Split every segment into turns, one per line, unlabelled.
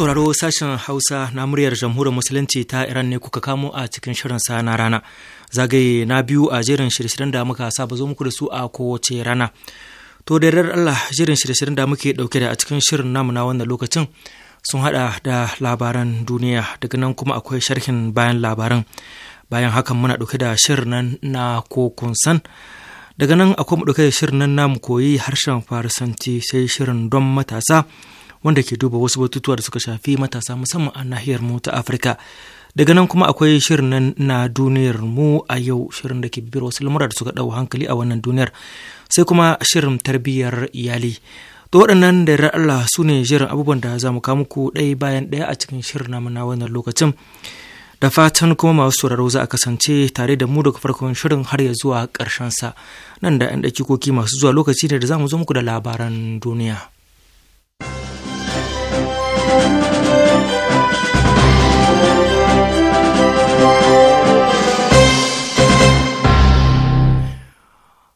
sauraro sashen Hausa na muryar Jamhuriyar Musulunci ta Iran ne kuka kamo a cikin shirin sa na rana. Zagaye na biyu a jerin shirye-shiryen da muka saba zo muku da su a kowace rana. To da yardar Allah jerin shirye-shiryen da muke dauke da a cikin shirin namu na wannan lokacin sun hada da labaran duniya daga nan kuma akwai sharhin bayan labaran. Bayan hakan muna dauke da shirin nan na kun san. Daga nan akwai mu dauke da shirin nan namu koyi harshen Farisanci sai shirin don matasa. wanda ke duba wasu batutuwa da suka shafi matasa musamman a nahiyar mu ta Afirka. Daga nan kuma akwai shirin nan na duniyar mu a yau shirin da ke bibiyar wasu lamura da suka ɗau hankali a wannan duniyar. Sai kuma shirin tarbiyyar iyali. To waɗannan da yarda Allah su ne shirin abubuwan da za mu kawo muku ɗaya bayan ɗaya a cikin shirin namu na wannan lokacin. da fatan kuma masu sauraro za a kasance tare da mu daga farkon shirin har ya zuwa ƙarshen sa nan da 'yan dakikoki masu zuwa lokaci ne da za mu zo muku da labaran duniya.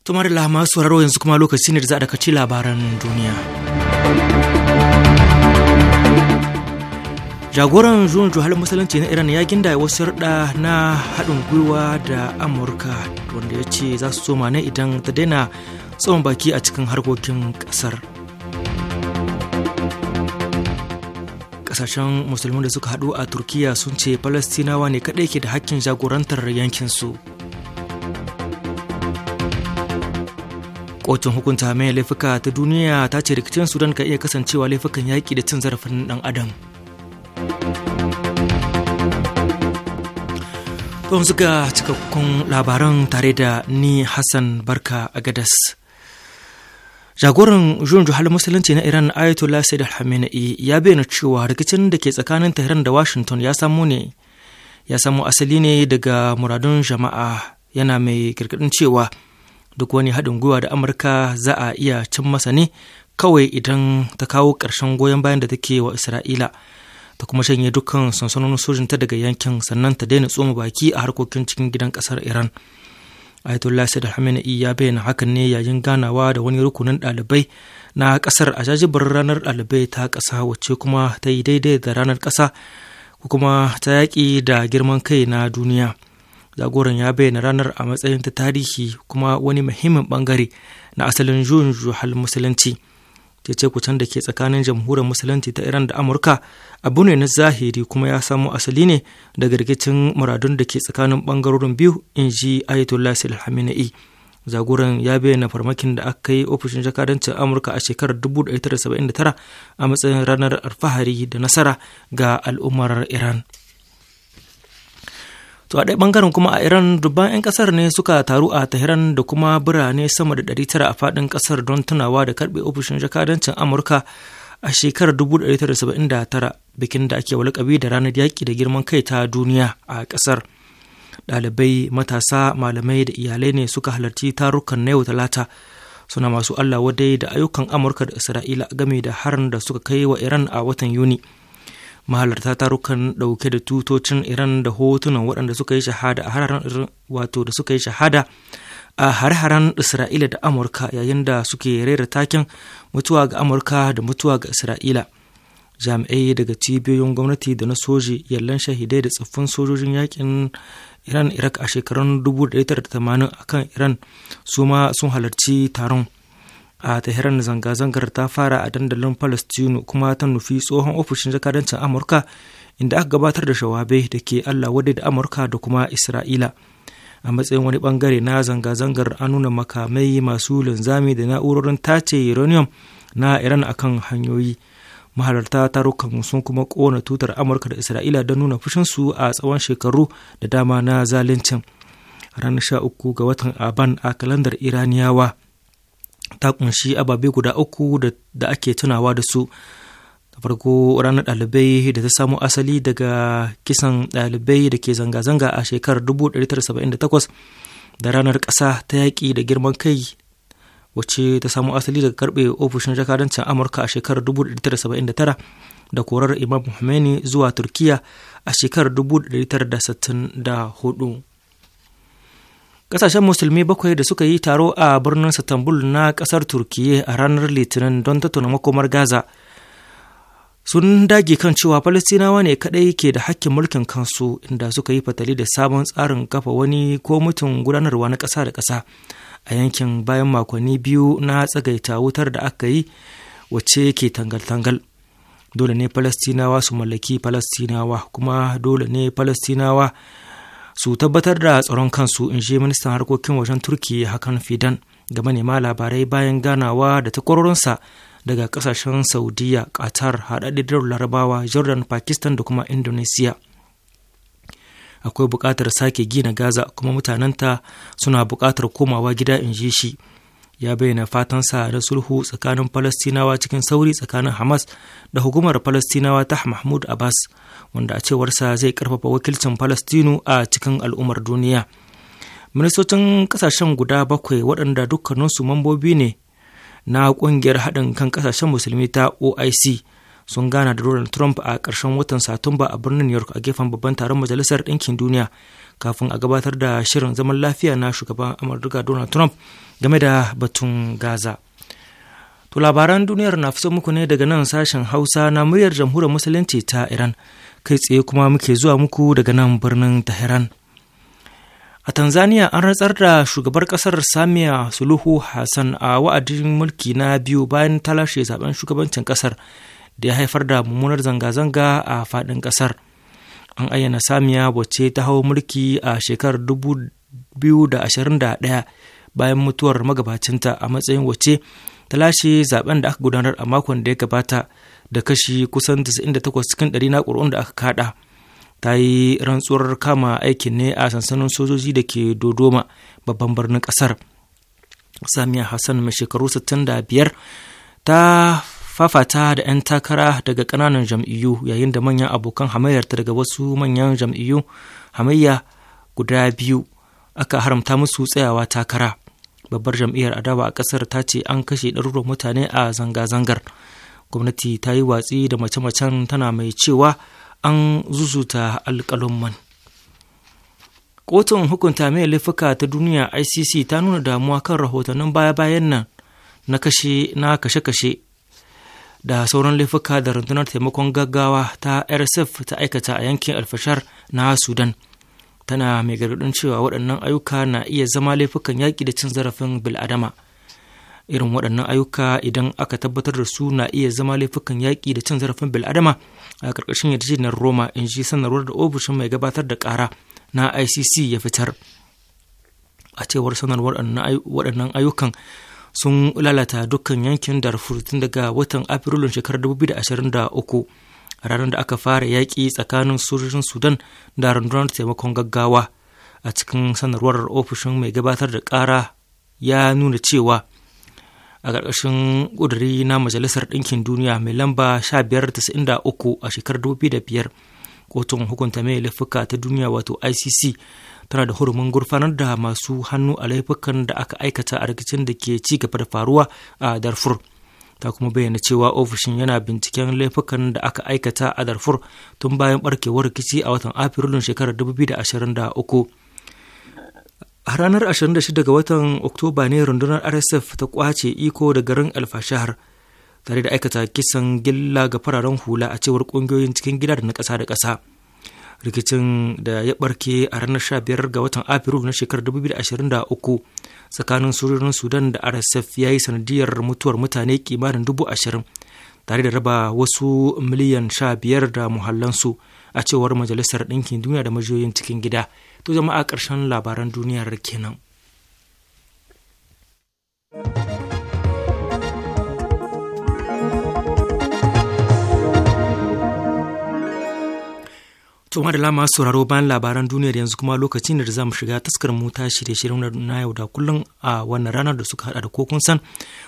Tumar da masu sauraro yanzu kuma lokaci ne da za a dakaci labaran duniya. Jagoran zuwan juhalin musulunci na Iran ya ginda wasu yarda na haɗin gwiwa da Amurka wanda ya ce za su soma ne idan ta daina tsawon baki a cikin harkokin ƙasar. kasashen musulmin da suka haɗu a turkiya sun ce falastinawa ne kaɗai ke da hakkin jagorantar yankinsu kotun hukunta mai laifuka ta duniya ta ce rikicin sudan ka iya kasancewa laifukan yaƙi da cin zarafin ɗan adam don suka cikakkun labaran tare da ni hassan barka a gadas Jagoran jun juhal musulunci na Iran Ayatollah Said al hamenei ya bayyana cewa rikicin da ke tsakanin Tehran da Washington ya samu ne ya samu asali ne daga muradun jama'a yana mai kirkirin cewa duk wani haɗin gwiwa da Amurka za a iya cin masa ne kawai idan ta kawo ƙarshen goyon bayan da take wa Isra'ila ta kuma shanye dukkan sansanonin sojinta daga yankin sannan ta daina tsoma baki a harkokin cikin gidan ƙasar Iran. Ayatollah sadar hamenei ya bayyana hakan ne yayin ganawa da wani rukunin dalibai na kasar a jajibar ranar dalibai ta ƙasa wacce kuma ta yi daidai da ranar ƙasa kuma ta yaƙi da girman kai na duniya. Jagoran ya bayyana ranar a matsayin ta tarihi kuma wani muhimmin bangare na asalin juyin juhal musulunci. cece-kucen da ke tsakanin jamhuriyar musulunci ta iran da amurka abu ne na zahiri kuma ya samo asali ne daga rikicin muradun da ke tsakanin bangarorin biyu in ji ayatollah sil Hamenei. zagoran ya bayyana farmakin da aka yi ofishin jakadancin amurka a shekarar 1979 a matsayin ranar alfahari da nasara ga al'ummar iran To a ɗaya ɓangaren kuma a Iran dubban 'yan ƙasar ne suka taru a Tehran da kuma birane sama da 900 a faɗin ƙasar don tunawa da karɓe ofishin jakadancin Amurka a shekarar 1979 bikin da ake walƙabi da ranar yaƙi da girman kai ta duniya a ƙasar. Ɗalibai, matasa, malamai da iyalai ne suka halarci tarukan na yau talata suna masu Allah wadai da ayyukan Amurka da Isra'ila game da harin da suka kai wa Iran a watan Yuni. mahalarta tarukan ɗauke da tutocin iran da hotunan waɗanda suka yi shahada a hararen wato da suka yi shahada a har-haren isra'ila da amurka yayin da suke rera takin mutuwa ga amurka da mutuwa ga isra'ila jami'ai daga cibiyoyin gwamnati da na soji yallan shahidai da tsoffin sojojin yakin iran iraq a shekarun 1980 akan iran su ma sun halarci taron a taheran zanga-zangar ta fara a dandalin palestino kuma ta nufi tsohon ofishin jakadancin amurka inda aka gabatar da shawabe da ke allah wadda da amurka da kuma isra'ila a matsayin wani bangare na zanga-zangar an nuna makamai masu linzami da na'urorin tace uranium na iran akan hanyoyi mahalarta ta tarukan sun kuma kona tutar amurka da isra'ila don nuna fushinsu a tsawon shekaru da dama na zaluncin ranar 13 ga watan aban a kalandar iraniyawa ta kunshi ababe guda uku da ake tunawa da su da farko ranar ɗalibai da ta samo asali daga kisan ɗalibai da ke zanga-zanga a shekarar 1978 da ranar ƙasa ta yaƙi da girman kai wacce ta samo asali daga karɓe ofishin jakadancin amurka a shekarar 1979 da korar imam Khomeini zuwa turkiya a shekarar 1964 Ƙasashen musulmi bakwai da suka yi taro a birnin Istanbul na ƙasar Turkiyya a ranar Litinin don tattauna makomar Gaza sun dage kan cewa Falastinawa ne kaɗai ke da hakkin mulkin kansu inda suka yi fatali da sabon tsarin kafa wani ko mutum gudanarwa na ƙasa da kasa a yankin bayan makonni biyu na tsagaita wutar da aka yi wacce ke tangal-tangal. Dole ne palestinawa su mallaki Falastinawa kuma dole ne palestinawa. su tabbatar da tsaron kansu in je ministan harkokin wajen turki hakan fidan ga manema labarai bayan ganawa da takwarorinsa daga kasashen saudiya qatar haɗaɗɗiyar larabawa jordan pakistan da kuma indonesia akwai buƙatar sake gina gaza kuma mutanenta suna buƙatar komawa gida in ji shi ya bayyana fatan sa da sulhu tsakanin falastinawa cikin sauri tsakanin hamas da hukumar falastinawa ta mahmud abbas wanda a cewarsa zai karfafa wakilcin falastinu a cikin al'ummar duniya ministocin kasashen guda bakwai waɗanda dukkaninsu mambobi ne na ƙungiyar haɗin kan kasashen musulmi ta oic sun gana da Donald Trump a ƙarshen watan Satumba a birnin New York a gefen babban taron Majalisar Ɗinkin Duniya kafin a gabatar da shirin zaman lafiya na shugaban Amurka Donald Trump game da batun Gaza. To labaran duniyar na fito muku ne daga nan sashen Hausa na muryar jamhuriyar Musulunci ta Iran kai tsaye kuma muke zuwa muku daga nan birnin Tehran. A Tanzania an ratsar da shugabar kasar Samia Suluhu Hassan a wa'adin mulki na biyu bayan talashe zaben shugabancin kasar. da ya haifar da mummunar zanga-zanga a faɗin ƙasar an ayyana samiya wacce ta hau mulki a shekarar 2021 bayan mutuwar magabacinta a matsayin wacce ta lashe zaben da aka gudanar a makon da ya gabata da kashi kusan 98 cikin 100 na ƙuri'un da aka kada ta yi rantsuwar kama aikin ne a sansanin sojoji da ke dodoma babban birnin ƙasar samiya hassan mai shekaru 65 ta fafata da 'yan takara daga ƙananan jam'iyyu yayin da manyan abokan hamayyarta daga wasu manyan jam'iyyu hamayya guda biyu aka haramta musu tsayawa takara babbar jam'iyyar adawa a ƙasar ta ce an kashe ɗaruruwan mutane a zanga-zangar gwamnati ta yi watsi da mace-macen tana mai cewa an zuzuta alƙalumman kotun hukunta mai laifuka ta duniya icc ta nuna damuwa kan rahotannin baya-bayan nan na kashe-kashe da sauran laifuka da rundunar taimakon gaggawa ta rsf ta aikata a yankin alfashar na sudan tana mai gargaɗin cewa waɗannan ayyuka na iya zama laifukan yaƙi da cin zarafin bil'adama irin waɗannan ayyuka idan aka tabbatar da su na iya zama laifukan yaƙi da cin zarafin bil'adama a ƙarƙashin yarjejeniyar roma in ji sanarwar da ofishin mai gabatar da ƙara na icc ya fitar a cewar sanarwar waɗannan ayyukan sun lalata dukkan yankin darfur tun daga watan afrilun shekarar 2023 a ranar da aka fara yaƙi tsakanin sojojin sudan da rundunar taimakon gaggawa a cikin sanarwar ofishin mai gabatar da ƙara ya nuna cewa a ƙarƙashin ƙuduri na majalisar ɗinkin duniya mai lamba 1593 a shekarar 2005 kotun hukunta mai laifuka ta duniya wato icc tana da hurumin gurfanar da masu hannu a laifukan da aka aikata a rikicin da ke ci gaba da faruwa a darfur ta kuma bayyana cewa ofishin yana binciken laifukan da aka aikata a darfur tun bayan barkewar rikici a watan afrilun shekarar 2023 a ranar 26 ga watan oktoba ne rundunar rsf ta kwace iko da garin alfashahar tare da aikata kisan gilla ga fararen hula a cewar kungiyoyin cikin gida da na kasa da kasa. rikicin da ya barke a ranar 15 ga watan afrilu na shekarar 2023 tsakanin sojojin sudan da rsf ya yi sanadiyar mutuwar mutane kimanin dubu ashirin tare da raba wasu miliyan 15 da muhallansu a cewar majalisar ɗinkin duniya da majiyoyin cikin gida to jama'a ƙarshen labaran duniyar kenan. Tuma da lama sauraro bayan labaran duniyar yanzu kuma lokacin da za mu shiga taskar mu ta shirye-shiryen na yau da kullum a wannan ranar da suka hada da kokun san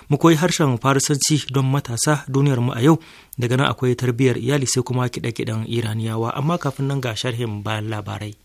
mu koyi harshen farisanci don matasa duniyar mu a yau daga nan akwai tarbiyyar iyali sai kuma kiɗe-kiɗen iraniyawa amma kafin nan ga sharhin bayan labarai.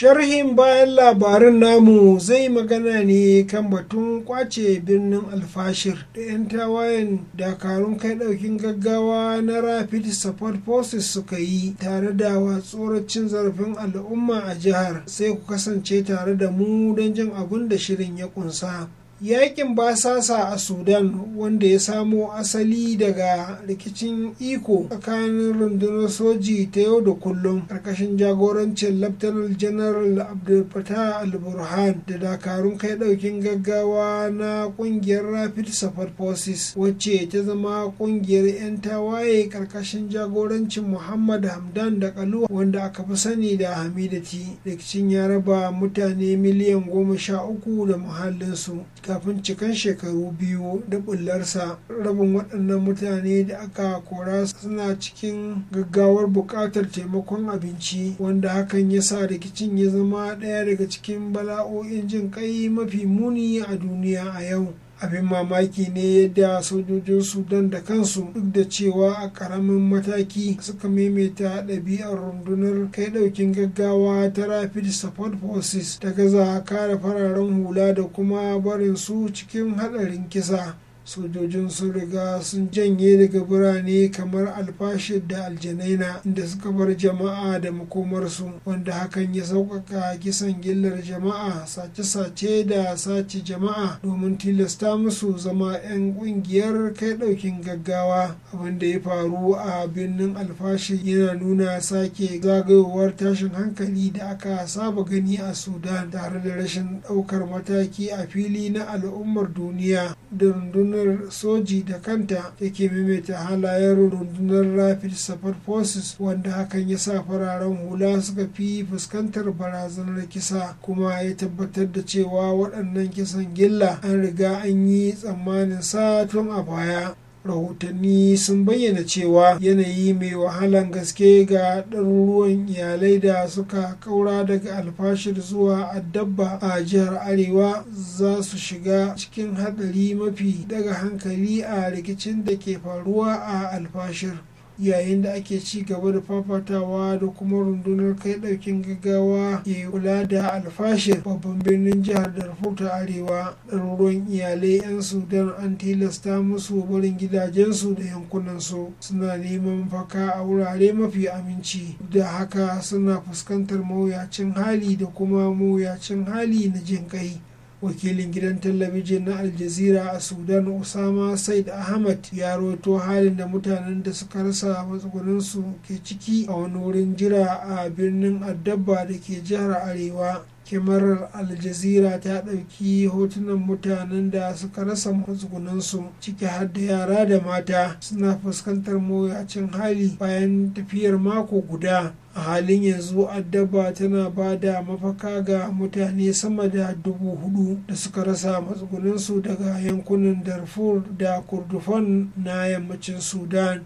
sharhin bayan labarin namu zai magana ne kan batun kwace birnin alfashir da 'yan tawayen dakarun kai daukin gaggawa na rapid support forces suka yi tare da tsoracin zarafin al'umma a jihar sai ku kasance tare da mu don jin abin da shirin ya kunsa yakin basasa a sudan wanda ya samo asali daga rikicin iko tsakanin rundunar soji ta yau da kullum karkashin jagorancin laftanar janaral abdulfatah al-burhan da dakarun kai daukin gaggawa na kungiyar rapid support forces wacce ta zama kungiyar 'yan tawaye karkashin jagorancin muhammad hamdan da kaluwa wanda aka fi sani da hamidati rikicin ya raba mutane miliyan goma sha uku da muhallinsu kafin cikan shekaru biyu da bullarsa rabin waɗannan mutane da aka kora suna cikin gaggawar buƙatar taimakon abinci wanda hakan ya sa rikicin ya zama ɗaya daga cikin bala'o'in jin ƙai mafi muni a duniya a yau abin mamaki ne yadda sojojin sudan da kansu duk da cewa a karamin mataki suka maimaita ɗabi'ar rundunar kai ɗaukin gaggawa ta rapid support forces ta gaza kare fararen hula da kuma barin su cikin haɗarin kisa sojojin sun riga sun janye daga birane kamar alfashir da aljanaina inda suka bar jama'a da makomarsu wanda hakan ya sauƙaƙa kisan gillar jama'a sace-sace da sace jama'a domin tilasta musu zama 'yan ƙungiyar kai ɗaukin gaggawa Abinda ya faru a birnin alfashi yana nuna sake zagayowar tashin hankali da aka saba gani a sudan tare da rashin ɗaukar mataki a fili na al'ummar duniya da rundunar rundunar soji da kanta da ke maimaita halayen rundunar rapid support forces wanda hakan ya sa fararen hula suka fi fuskantar barazanar kisa kuma ya tabbatar da cewa waɗannan kisan gilla an riga an yi tsammanin sa tun a baya rahotanni sun bayyana cewa yanayi mai wahalan gaske ga ɗaruruwan iyalai da suka kaura daga alfashir zuwa addabba a jihar arewa za su shiga cikin haɗari mafi daga hankali a rikicin da ke faruwa a alfashir yayin da ake ci gaba da fafatawa da kuma rundunar kai daukin gaggawa ke kula da alfashir babban birnin jihar darfur ta arewa ɗaruruwan iyalai 'yan sudan an tilasta musu barin gidajensu da yankunansu suna neman faka a wurare mafi aminci da haka suna fuskantar mawuyacin hali da kuma mawuyacin hali na jin kai wakilin gidan talabijin na aljazira a sudan Osama said ahmad ya roto halin da mutanen da suka rasa matsugunansu ke ciki a wani wurin jira a birnin addabba da ke jihar arewa kyamarar aljazira ta ɗauki hotunan mutanen da suka rasa matsugunansu ciki har da yara da mata suna fuskantar mawuyacin hali bayan tafiyar mako guda a halin yanzu addaba tana ba da mafaka ga mutane sama da dubu hudu da suka rasa matsugunansu daga yankunan darfur da kurdufan na yammacin sudan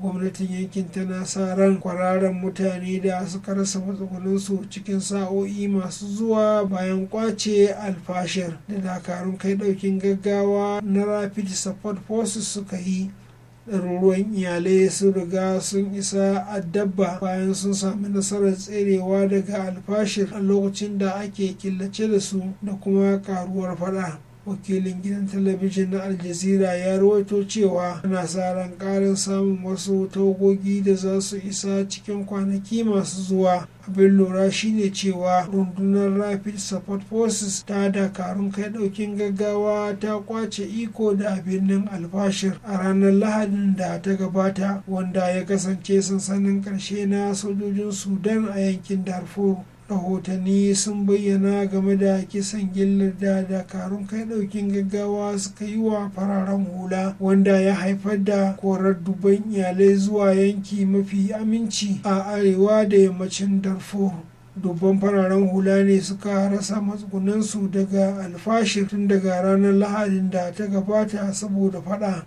gwamnatin yankin tana sa ran kwararan mutane da suka rasa matsugunansu cikin sa'o'i masu zuwa bayan kwace alfashir da dakarun kai daukin gaggawa na rapid support forces suka yi ɗaruruwan iyalai sun riga sun isa a dabba bayan sun sami nasarar tserewa daga alfashir a lokacin da ake killace da su da kuma karuwar fada wakilin gidan talabijin na aljazira ya rawaito cewa ana sa ran karin samun wasu tagogi da za su isa cikin kwanaki masu zuwa abin lura shine cewa rundunar rapid support forces ta dakarun kai daukin gaggawa ta kwace iko da birnin albashir a ranar lahadin da ta gabata wanda ya kasance sansanin karshe na sojojin sudan a yankin darfur rahotanni sun bayyana game da kisan gillar da dakarun kai daukin gaggawa suka yi wa fararen hula wanda ya haifar da korar dubban iyalai zuwa yanki mafi aminci a arewa da yammacin darfur dubban fararen hula ne suka rasa matsugunansu daga alfashir tun daga ranar lahadin da ta gabata saboda fada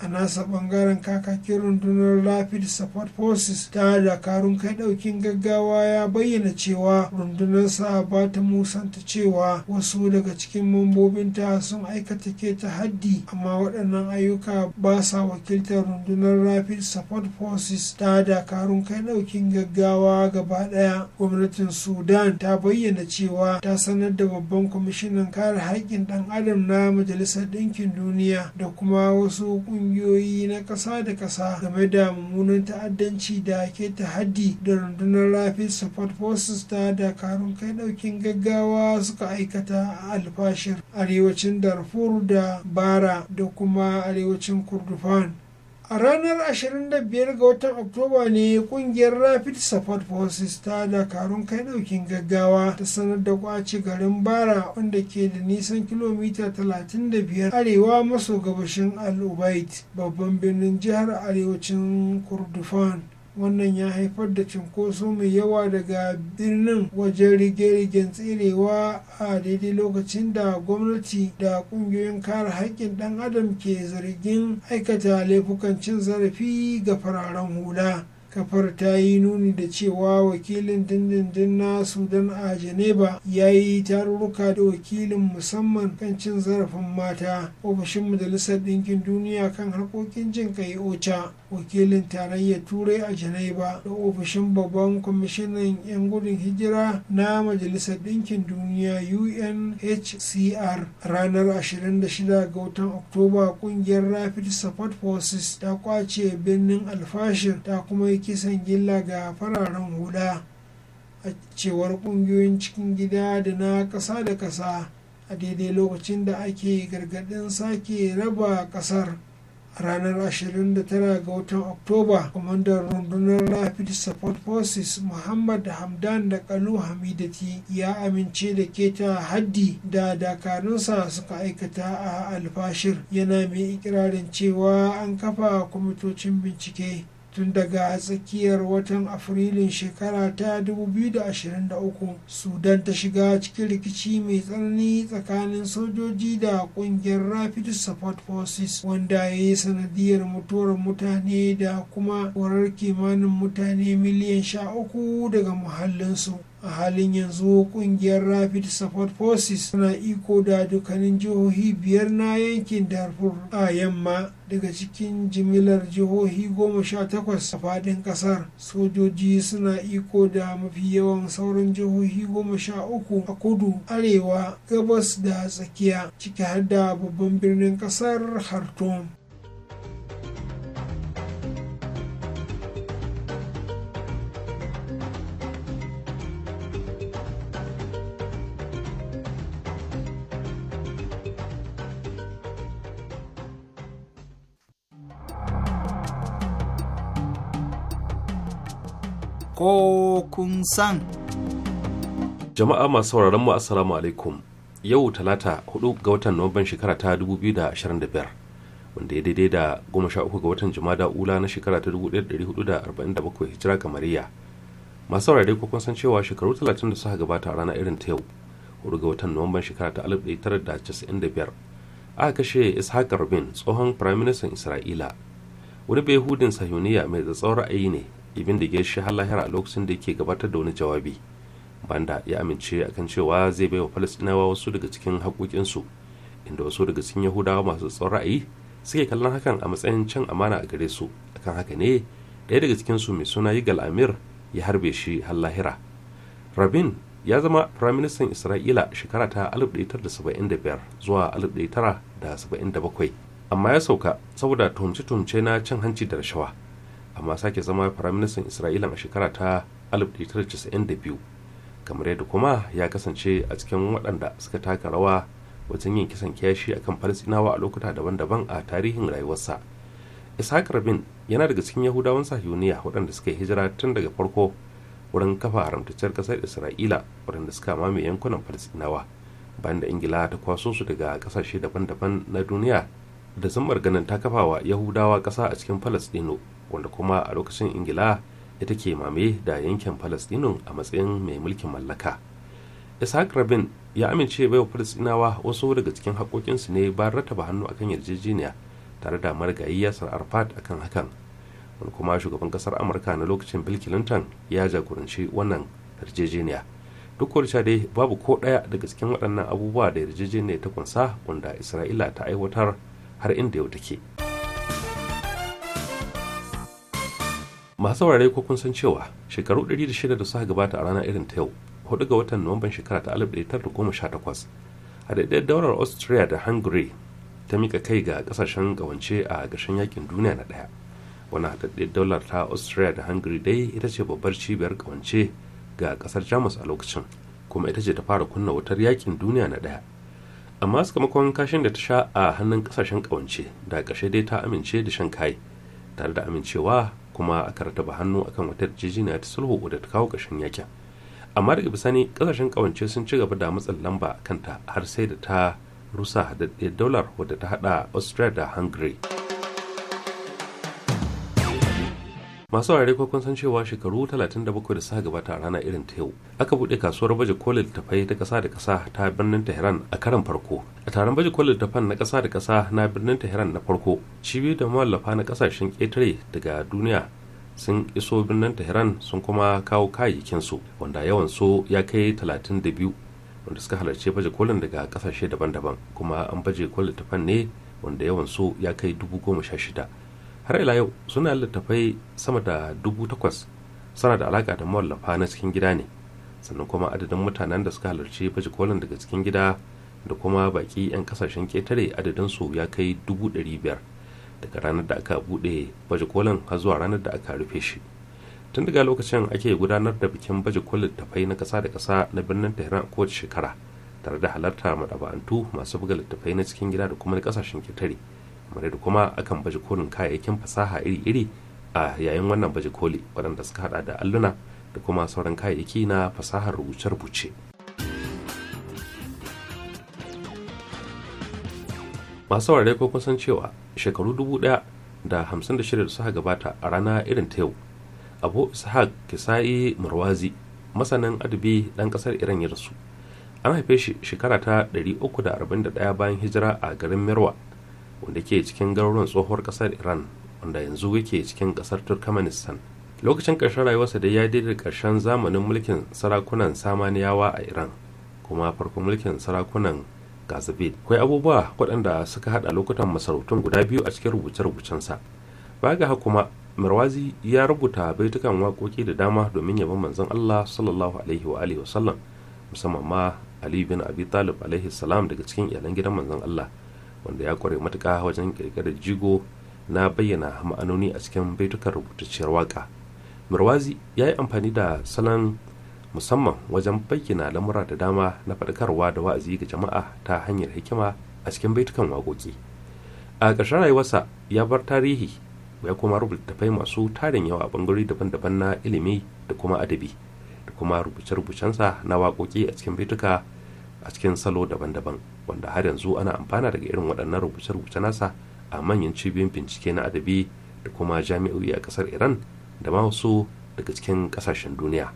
a nasa bangaren kakakin rundunar rapid support forces ta dakarun kai daukin gaggawa ya bayyana cewa rundunarsa ba ta musanta cewa wasu daga cikin mambobinta sun aikata ke ta haddi amma waɗannan ayyuka ba sa wakiltar rundunar rapid support forces ta dakarun kai daukin gaggawa gaba ɗaya gwamnatin sudan ta bayyana cewa ta sanar da babban kwamishinan kare haƙƙin ɗan adam na majalisar ɗinkin duniya da kuma wasu ƙungiyoyi kungiyoyi na ƙasa da ƙasa game da mummunan ta'addanci da ke haddi da rundunar rapid support forces ta dakarun kai ɗaukin gaggawa suka aikata a alfashir arewacin darfur da bara da kuma arewacin kurdufan a ranar 25 ga watan oktoba ne kungiyar rapid support forces ta dakarun kai daukin gaggawa ta sanar da kwaci garin bara wanda ke da nisan kilomita 35 arewa maso gabashin al ubaid babban birnin jihar arewacin kurdufan wannan ya haifar da cinkoso mai yawa daga birnin wajen rige-rigen tserewa a daidai lokacin da gwamnati da kungiyoyin kare haƙƙin ɗan adam ke zargin aikata laifukan cin zarafi ga fararen hula kafar ta yi nuni da cewa wakilin dindindin na sudan a geneva ya yi tarurruka da wakilin musamman kan cin zarafin mata ofishin majalisar ɗinkin duniya kan harkokin jin kai ocha wakilin tarayyar turai a geneva da ofishin babban kwamishinan 'yan gudun hijira na majalisar ɗinkin duniya unhcr ranar 26 ga watan oktoba ƙungiyar rapid support forces ta kwace birnin alfashir ta kuma yi kisan gilla ga fararen hula a cewar kungiyoyin cikin gida da na kasa da kasa a daidai lokacin da ake gargaɗin sake raba kasar. a ranar 29 ga watan oktoba kwamandan rundunar rapid support forces muhammad hamdan da kalu hamidati ya amince da keta haddi da dakarunsa suka aikata a alfashir yana mai ikirarin cewa an kafa kwamitocin bincike tun daga tsakiyar watan afrilun shekara ta 2023 sudan ta shiga cikin rikici mai tsanani tsakanin sojoji da kungiyar rapid support forces wanda ya yi sanadiyar mutuwar mutane da kuma korar kimanin mutane miliyan 13 daga muhallinsu a halin yanzu kungiyar rapid support forces na iko da dukkanin jihohi biyar na yankin darfur a yamma daga cikin jimilar jihohi goma sha takwas a fadin kasar sojoji suna iko da mafi yawan sauran jihohi goma sha uku a kudu arewa gabas da tsakiya ciki har da babban birnin kasar khartoum
ko kun san.
Jama'a masu sauraron mu Assalamu alaikum. Yau Talata 4 ga watan Nuwamban shekara ta 2025 wanda ya daidai da 13 ga watan Jumada Ula na shekara ta 1447 Hijira kamariya. Masu saurare ko kun san cewa shekaru 30 da suka gabata a rana irin ta yau 4 ga watan Nuwamban shekara ta 1995 aka kashe Ishaq Rabin tsohon Firaministan Isra'ila. Wani bai hudin sahuniya mai tsatsauran ra'ayi ne ibin da shi lahira a lokacin da yake gabatar da wani jawabi banda ya amince akan cewa zai bai wa falastinawa wasu daga cikin haƙoƙinsu inda wasu daga cikin yahudawa masu tsawon ra'ayi suke kallon hakan a matsayin can amana a gare su akan haka ne ɗaya daga cikinsu mai suna yi gal'amir ya harbe shi har lahira rabin ya zama firaministan isra'ila shekara ta 1975 zuwa 1977 amma ya sauka saboda tuhumce-tuhumce na cin hanci da rashawa amma sake zama firaministan isra'ila a shekara ta 1992 kamar yadda kuma ya kasance a cikin waɗanda suka taka rawa wajen yin kisan kiyashi akan falasinawa a lokuta daban-daban a tarihin rayuwarsa Isaac rabin yana daga cikin yahudawan sahiyuniya waɗanda suka hijira tun daga farko wurin kafa haramtacciyar kasar isra'ila waɗanda suka mamaye yankunan falasinawa bayan da ingila ta kwaso su daga kasashe daban-daban na duniya da sun ganin ta kafa wa yahudawa ƙasa a cikin falastino wanda kuma a lokacin ingila ita ke mame da yankin falastinin a matsayin mai mulkin mallaka ishaq rabin ya amince baiwa falastinawa wasu daga cikin haƙoƙinsu ne bayan rattaba hannu akan yarjejeniya tare da marigayi yasar arfat akan hakan wani kuma shugaban ƙasar amurka na lokacin bill clinton ya jagoranci wannan yarjejeniya duk da dai babu ko ɗaya daga cikin waɗannan abubuwa da yarjejeniya ta kunsa wanda isra'ila ta aiwatar har inda yau take masu saurare ko kun san cewa shekaru 106 da suka gabata a ranar irin ta yau hudu ga watan nuwamban shekara ta 1918 a daidai daular austria da hungary ta mika kai ga kasashen gawance a gashin yakin duniya na daya wani haɗaɗɗiyar daular ta austria da hungary dai ita ce babbar cibiyar gawance ga kasar jamus a lokacin kuma ita ce ta fara kunna wutar yakin duniya na daya amma sakamakon kashin da ta sha a hannun kasashen kawance da kashe dai ta amince da shan kai tare da amincewa kuma karata ba hannu akan wata jijina ta sulhu da ta kawo ƙashin yakin amma daga bisani kasashen kawance sun ci gaba da matsin lamba kanta har sai da ta rusa da daular wadda ta hada austria da hungary masu ware ko kun san cewa shekaru 37 da suka gabata a rana irin ta yau aka bude kasuwar baje kolin littattafai ta kasa da kasa ta birnin tehran a karan farko a taron baje kolin littattafan na kasa da kasa na birnin tehran na farko cibiyar da mallafa na kasashen ƙetare daga duniya sun iso birnin tehran sun kuma kawo kayayyakin su wanda yawan su ya kai 32 wanda suka halarci baje kolin daga kasashe daban-daban kuma an baje kolin littattafan ne wanda yawan su ya kai dubu goma sha shida har ila yau suna littafai sama da dubu takwas sana da alaƙa da mawallafa na cikin gida ne sannan kuma adadin mutanen da suka halarci baje kolin daga cikin gida da kuma baƙi 'yan kasashen ƙetare adadinsu ya kai dubu ɗari biyar daga ranar da aka buɗe baje kolin har zuwa ranar da aka rufe shi tun daga lokacin ake gudanar da bikin baje kolin littafai na ƙasa da ƙasa na birnin tehran kowace shekara tare da halarta madaba'antu masu buga littattafai na cikin gida da kuma na ƙasashen ƙetare kamar da kuma akan baje kolin kayayyakin fasaha iri-iri a yayin wannan baje koli waɗanda suka hada da alluna da kuma sauran kayayyaki na fasahar rubuce-rubuce masu saurari ko kun san cewa shekaru dubu ɗaya da hamsin da shida suka gabata a rana irin ta yau abu ishaq kisai murwazi masanin adabi ɗan ƙasar iran ya rasu an haife shi shekara ta 341 bayan hijira a garin merwa wanda ke cikin garuruwan tsohuwar kasar iran wanda yanzu yake cikin kasar turkmenistan lokacin ƙarshen rayuwarsa da ya daidai ƙarshen zamanin mulkin sarakunan samaniyawa a iran kuma farkon mulkin sarakunan gazabid akwai abubuwa waɗanda suka haɗa lokutan masarautun guda biyu a cikin rubuce-rubucensa ba ga kuma marwazi ya rubuta baitukan waƙoƙi da dama domin yabon manzon allah sallallahu alaihi wa alihi musamman ma ali bin abi talib alaihi salam daga cikin iyalan gidan manzon allah wanda ya kware matuka wajen kirkirar jigo na bayyana ma'anoni a cikin baitukan rubutacciyar waka mirwazi ya yi amfani da salon musamman wajen bayyana lamura da dama na faɗakarwa da wa'azi ga jama'a ta hanyar hikima a cikin baitukan waƙoƙi a ƙarshen rayuwarsa ya bar tarihi ya kuma rubuta fai masu tarin yawa a bangarori daban-daban na ilimi da kuma adabi da kuma rubuce-rubucensa na waƙoƙi a cikin baituka a cikin salo daban-daban wanda har yanzu ana amfana daga irin waɗannan rubuce-rubuce nasa a manyan cibiyoyin bincike na adabi da kuma jami'o'i a ƙasar iran da ma wasu daga cikin ƙasashen duniya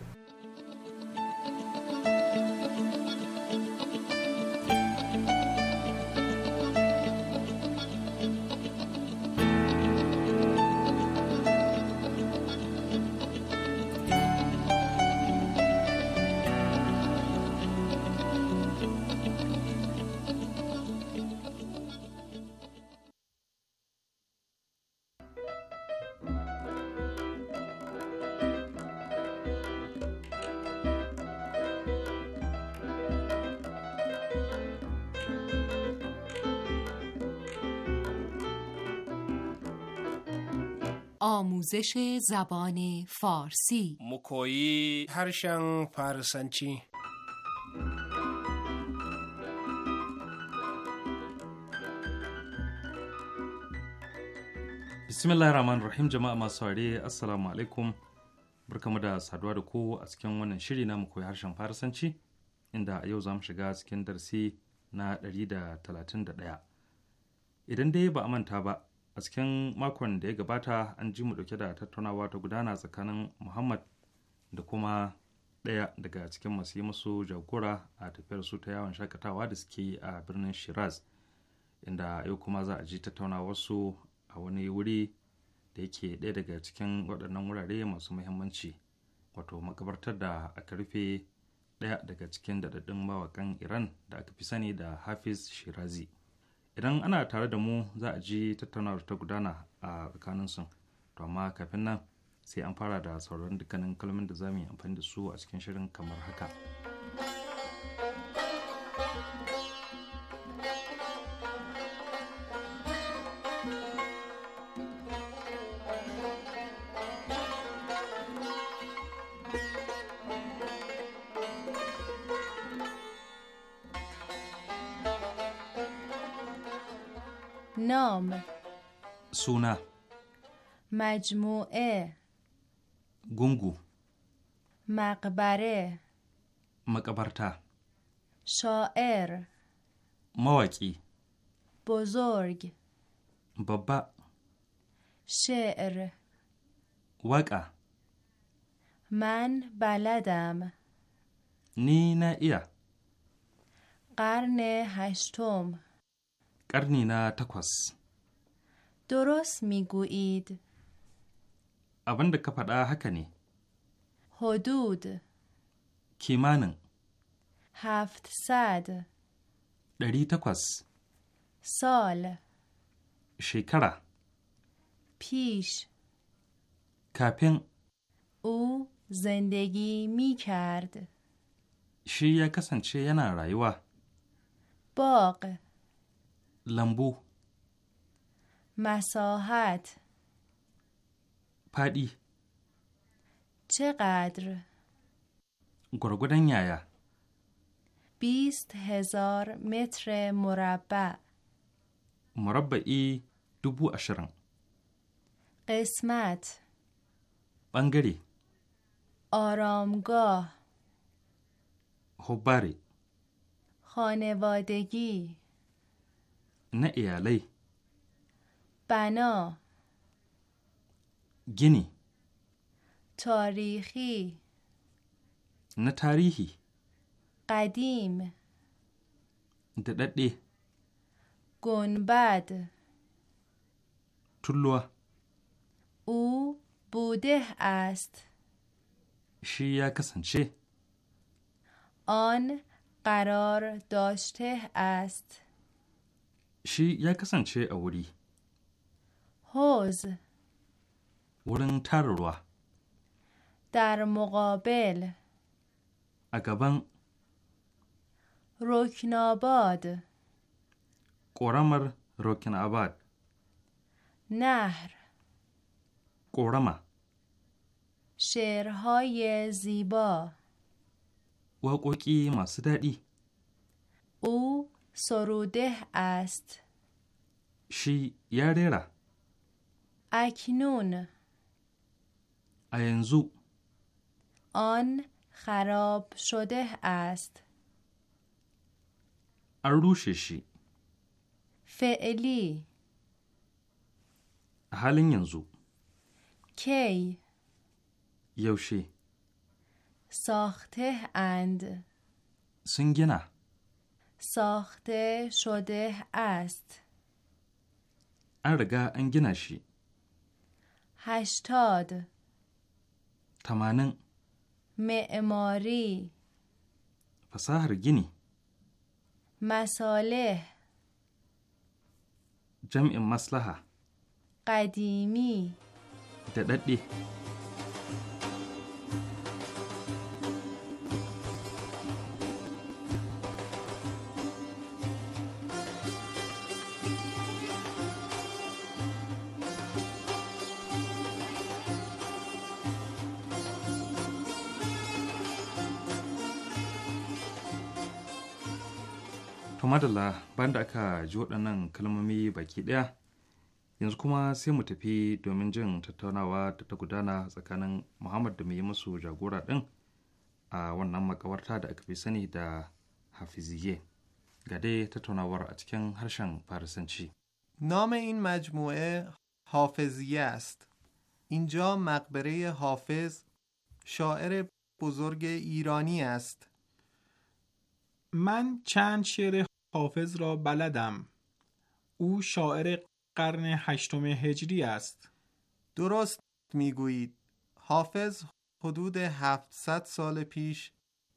آموزش زبان فارسی
مکویی هرشن فارسنچی
bismillah rahman rahim jama'a masu saurare assalamu alaikum barkamu da saduwa da ku a cikin wannan shiri na koyi harshen farisanci inda a yau za mu shiga cikin darasi na 131 idan dai ba a manta ba a cikin makon da ya gabata an ji mu dauke da tattaunawa ta gudana tsakanin muhammad da kuma ɗaya daga cikin masu yi musu jagora a tafiyar su ta yawon shakatawa da suke yi a birnin shiraz inda yau kuma za a ji tattaunawar su a wani wuri da yake ɗaya daga cikin waɗannan wurare masu muhimmanci wato makabartar da aka rufe ɗaya daga cikin daɗaɗɗun mawaƙan iran da aka fi sani da hafiz shirazi idan ana tare da mu za a ji tattaunawar ta gudana a tsakanin su to amma kafin nan sai an fara da sauran dukkanin kalmomin da za mu yi amfani da su a cikin shirin kamar haka. suna
majmu'e gungu maqbare maqabarta sha'ir mawaki bozorg babba she'r waka man baladam
ni na iya
قرن هشتم
na takwas.
درست میگویید
abin da ka faɗa haka ne.
Hudud. Kimanin. Haft sad.
Ɗari takwas. Sol. Shekara. Pish. Kafin.
U zindagi mi
Shi ya kasance yana rayuwa. Bog. Lambu.
مساحت پدی چقدر
گرگودن یایا
بیست هزار متر مربع
مربعی دوبو اشرن
قسمت بنگری آرامگاه خوباری خانوادگی
نه ایالی
بنا گینی تاریخی
نه تاریخی
قدیم دددی گنبد تلوه او بوده است
شی یا کسنچه
آن قرار داشته است
شی یا کسنچه اولی حوز ورن
در مقابل اگبن رکناباد
قرمر روکن آباد
نهر قرمه شعرهای زیبا
واقعی مصدری
او سروده است
شی یاریره
اکنون اینزو آن خراب شده است
اروششی
فعلی
حالین ینزو
کی یوشی ساخته اند سنگنه ساخته شده است
ارگا انگنشی
هشتاد تمانن معماری
فساهر گینی
مساله
جمع مسلحه
قدیمی
ددده madalla banda aka ji waɗannan kalmomi baki ɗaya yanzu kuma sai mu tafi domin jin tattaunawa da ta gudana tsakanin muhammad da yi musu jagora ɗin a wannan makawarta da aka fi sani da hafiziye ga dai tattaunawar a cikin harshen farisanci
in این مجموعه حافظیه است. اینجا مقبره حافظ شاعر بزرگ ایرانی است.
من چند شعر حافظ را بلدم او شاعر قرن هشتم هجری است درست میگویید
حافظ حدود 700 سال پیش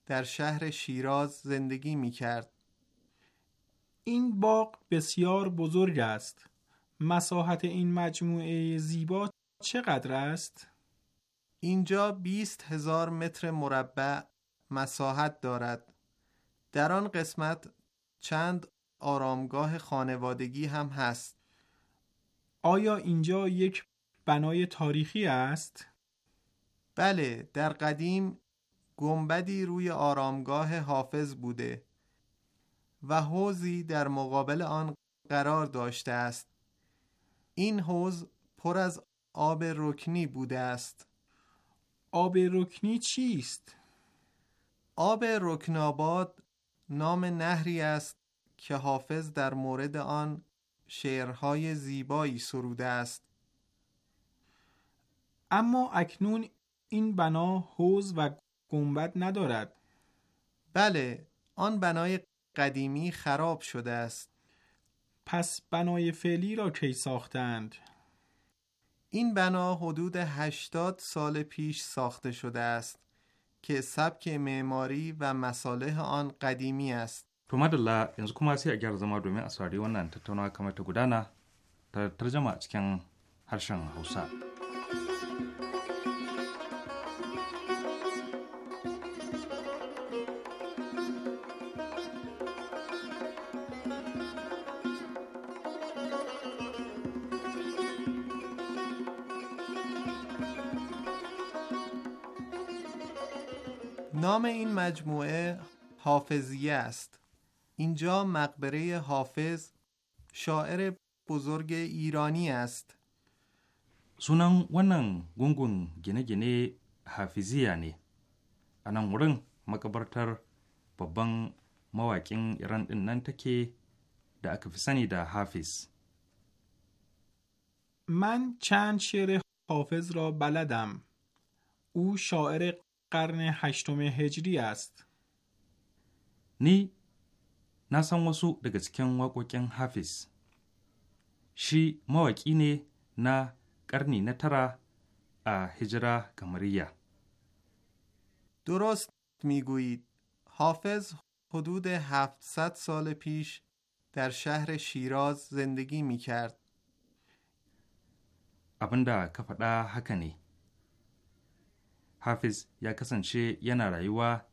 در شهر شیراز
زندگی می کرد. این باغ بسیار بزرگ است. مساحت این مجموعه زیبا چقدر است؟
اینجا 20 هزار متر مربع مساحت دارد. در آن قسمت چند آرامگاه خانوادگی هم هست آیا اینجا یک بنای تاریخی است؟ بله در قدیم گنبدی روی آرامگاه حافظ بوده و حوزی در مقابل آن قرار داشته است این حوز پر از آب رکنی بوده است آب رکنی چیست؟ آب رکناباد نام نهری است که حافظ در مورد آن شعرهای
زیبایی سروده است اما اکنون این بنا حوز و گنبد ندارد بله آن بنای قدیمی خراب شده است پس بنای فعلی
را کی ساختند؟ این بنا حدود 80 سال پیش ساخته شده است که سبک معماری و مصالح آن قدیمی است.
To madalla yanzu kuma sai a gyara zama domin a saurari wannan tattaunawa kamar ta gudana ta tarjama a cikin harshen Hausa.
مجموعه حافظیه است اینجا مقبره حافظ شاعر بزرگ ایرانی است
سونان ونن گونگون گنه گنه حافظی یعنی انا مقبرتر ببن مواکین ایران دین نن تکی دا اکفسانی دا حافظ
من چند شعر حافظ را بلدم او شاعر قرن هشتم هجری است
نی نسان وسو دگه واقو کن حافظ شی مواکی نه نا قرنی نترا هجرا ا قمریه
درست میگویید حافظ حدود 700 سال پیش در شهر شیراز زندگی می کرد.
کفدا da hafiz ya kasance yana rayuwa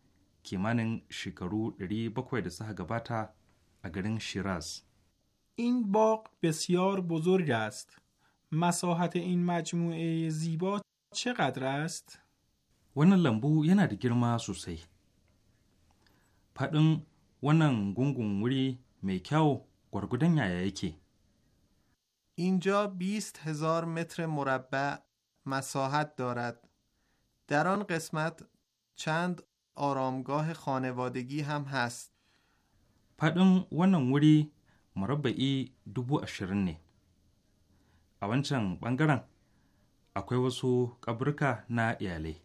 kimanin shekaru 700
da suka gabata a garin shiraz این باغ بسیار بزرگ است. in این مجموعه zibo چقدر است؟ wannan lambu yana da girma sosai. Faɗin
wannan gungun wuri mai kyau gwargudan yaya yake. اینجا 20 هزار متر مربع مساحت در آن قسمت چند آرامگاه خانوادگی هم هست.
فدن ونن وری مربعی دوبو اشرن نی اوانچن بانگران اکوی وسو قبرکا نا
ایالی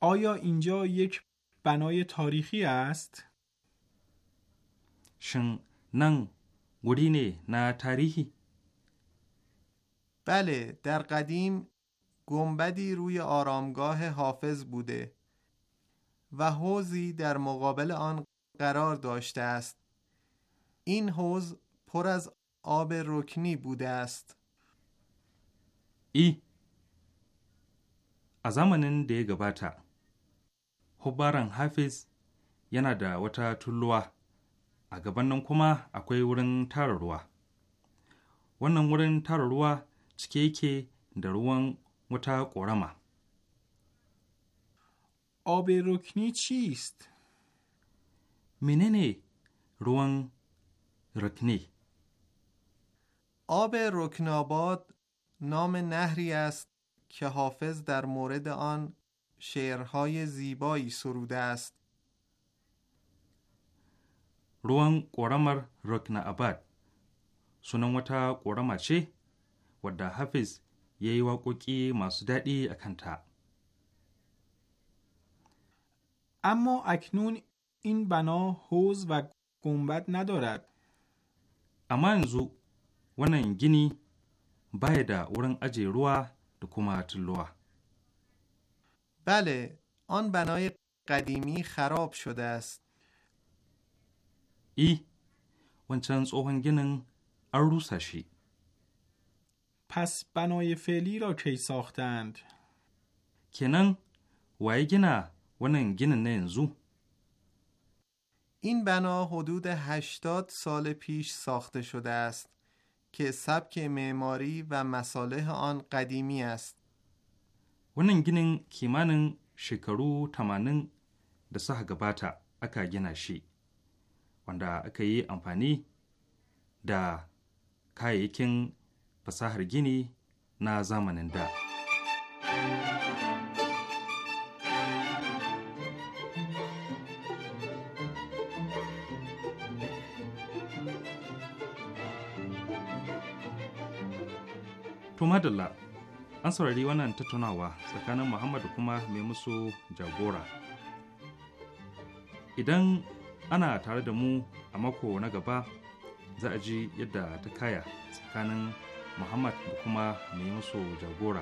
آیا اینجا یک بنای تاریخی است؟ شن نن
وری نه نه تاریخی؟
بله در قدیم گنبدی روی آرامگاه حافظ بوده و حوزی در مقابل آن قرار داشته است این حوز پر از آب رکنی بوده است ای
از zamanin da ya gabata
hubbaran hafiz
yana da wata tulluwa a gaban nan kuma akwai wurin tara ruwa wannan wurin tara ruwa cike yake da وتا قورما آب رکنی چیست؟ مننه روان رکنی
آب رکناباد نام نهری است که حافظ در مورد آن شعرهای زیبایی سروده است.
روان قرمر رکن آباد سنن وتا و چه ودا ya yi waƙoƙi masu daɗi
a kanta. اما in bano بنا حوز و گنبد ندارد Amma yanzu
wannan gini baya da wurin aje ruwa da kuma tulluwa.
Bale آن بنای قدیمی خراب shuda
است I, wancan tsohon ginin an rusa shi پس بنای فعلی را کی ساختند؟ کنن وای گنا ونن گنن ینزو
این بنا حدود 80 سال پیش ساخته شده است که سبک معماری و مصالح آن قدیمی است.
ونن ginin kimanin shekaru 80 da suka gabata aka gina shi wanda aka yi amfani da fasahar gini na zamanin da. To an saurari wannan tattaunawa tsakanin Muhammadu kuma mai musu jagora. Idan ana tare da mu a mako na gaba za a ji yadda ta kaya tsakanin muhammad da kuma mai musu jagora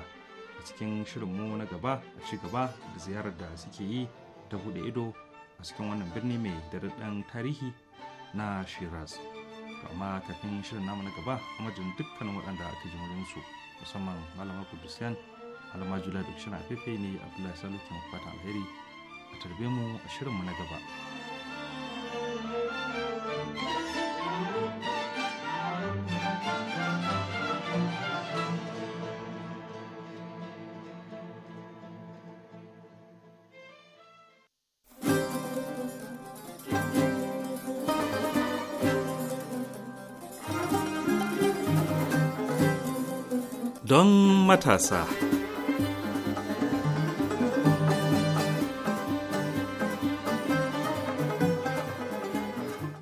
a cikin shirinmu na gaba a ci gaba da ziyarar da suke yi ta hude ido a cikin wannan birni mai daɗaɗɗen tarihi na shiraz amma kafin shirin namu na gaba a majin dukkanin waɗanda aka ji su musamman malama kudusiyan alama jula da afefe ne abdullahi salukin fata alheri a tarbe mu a shirin mu na gaba. thank you don matasa.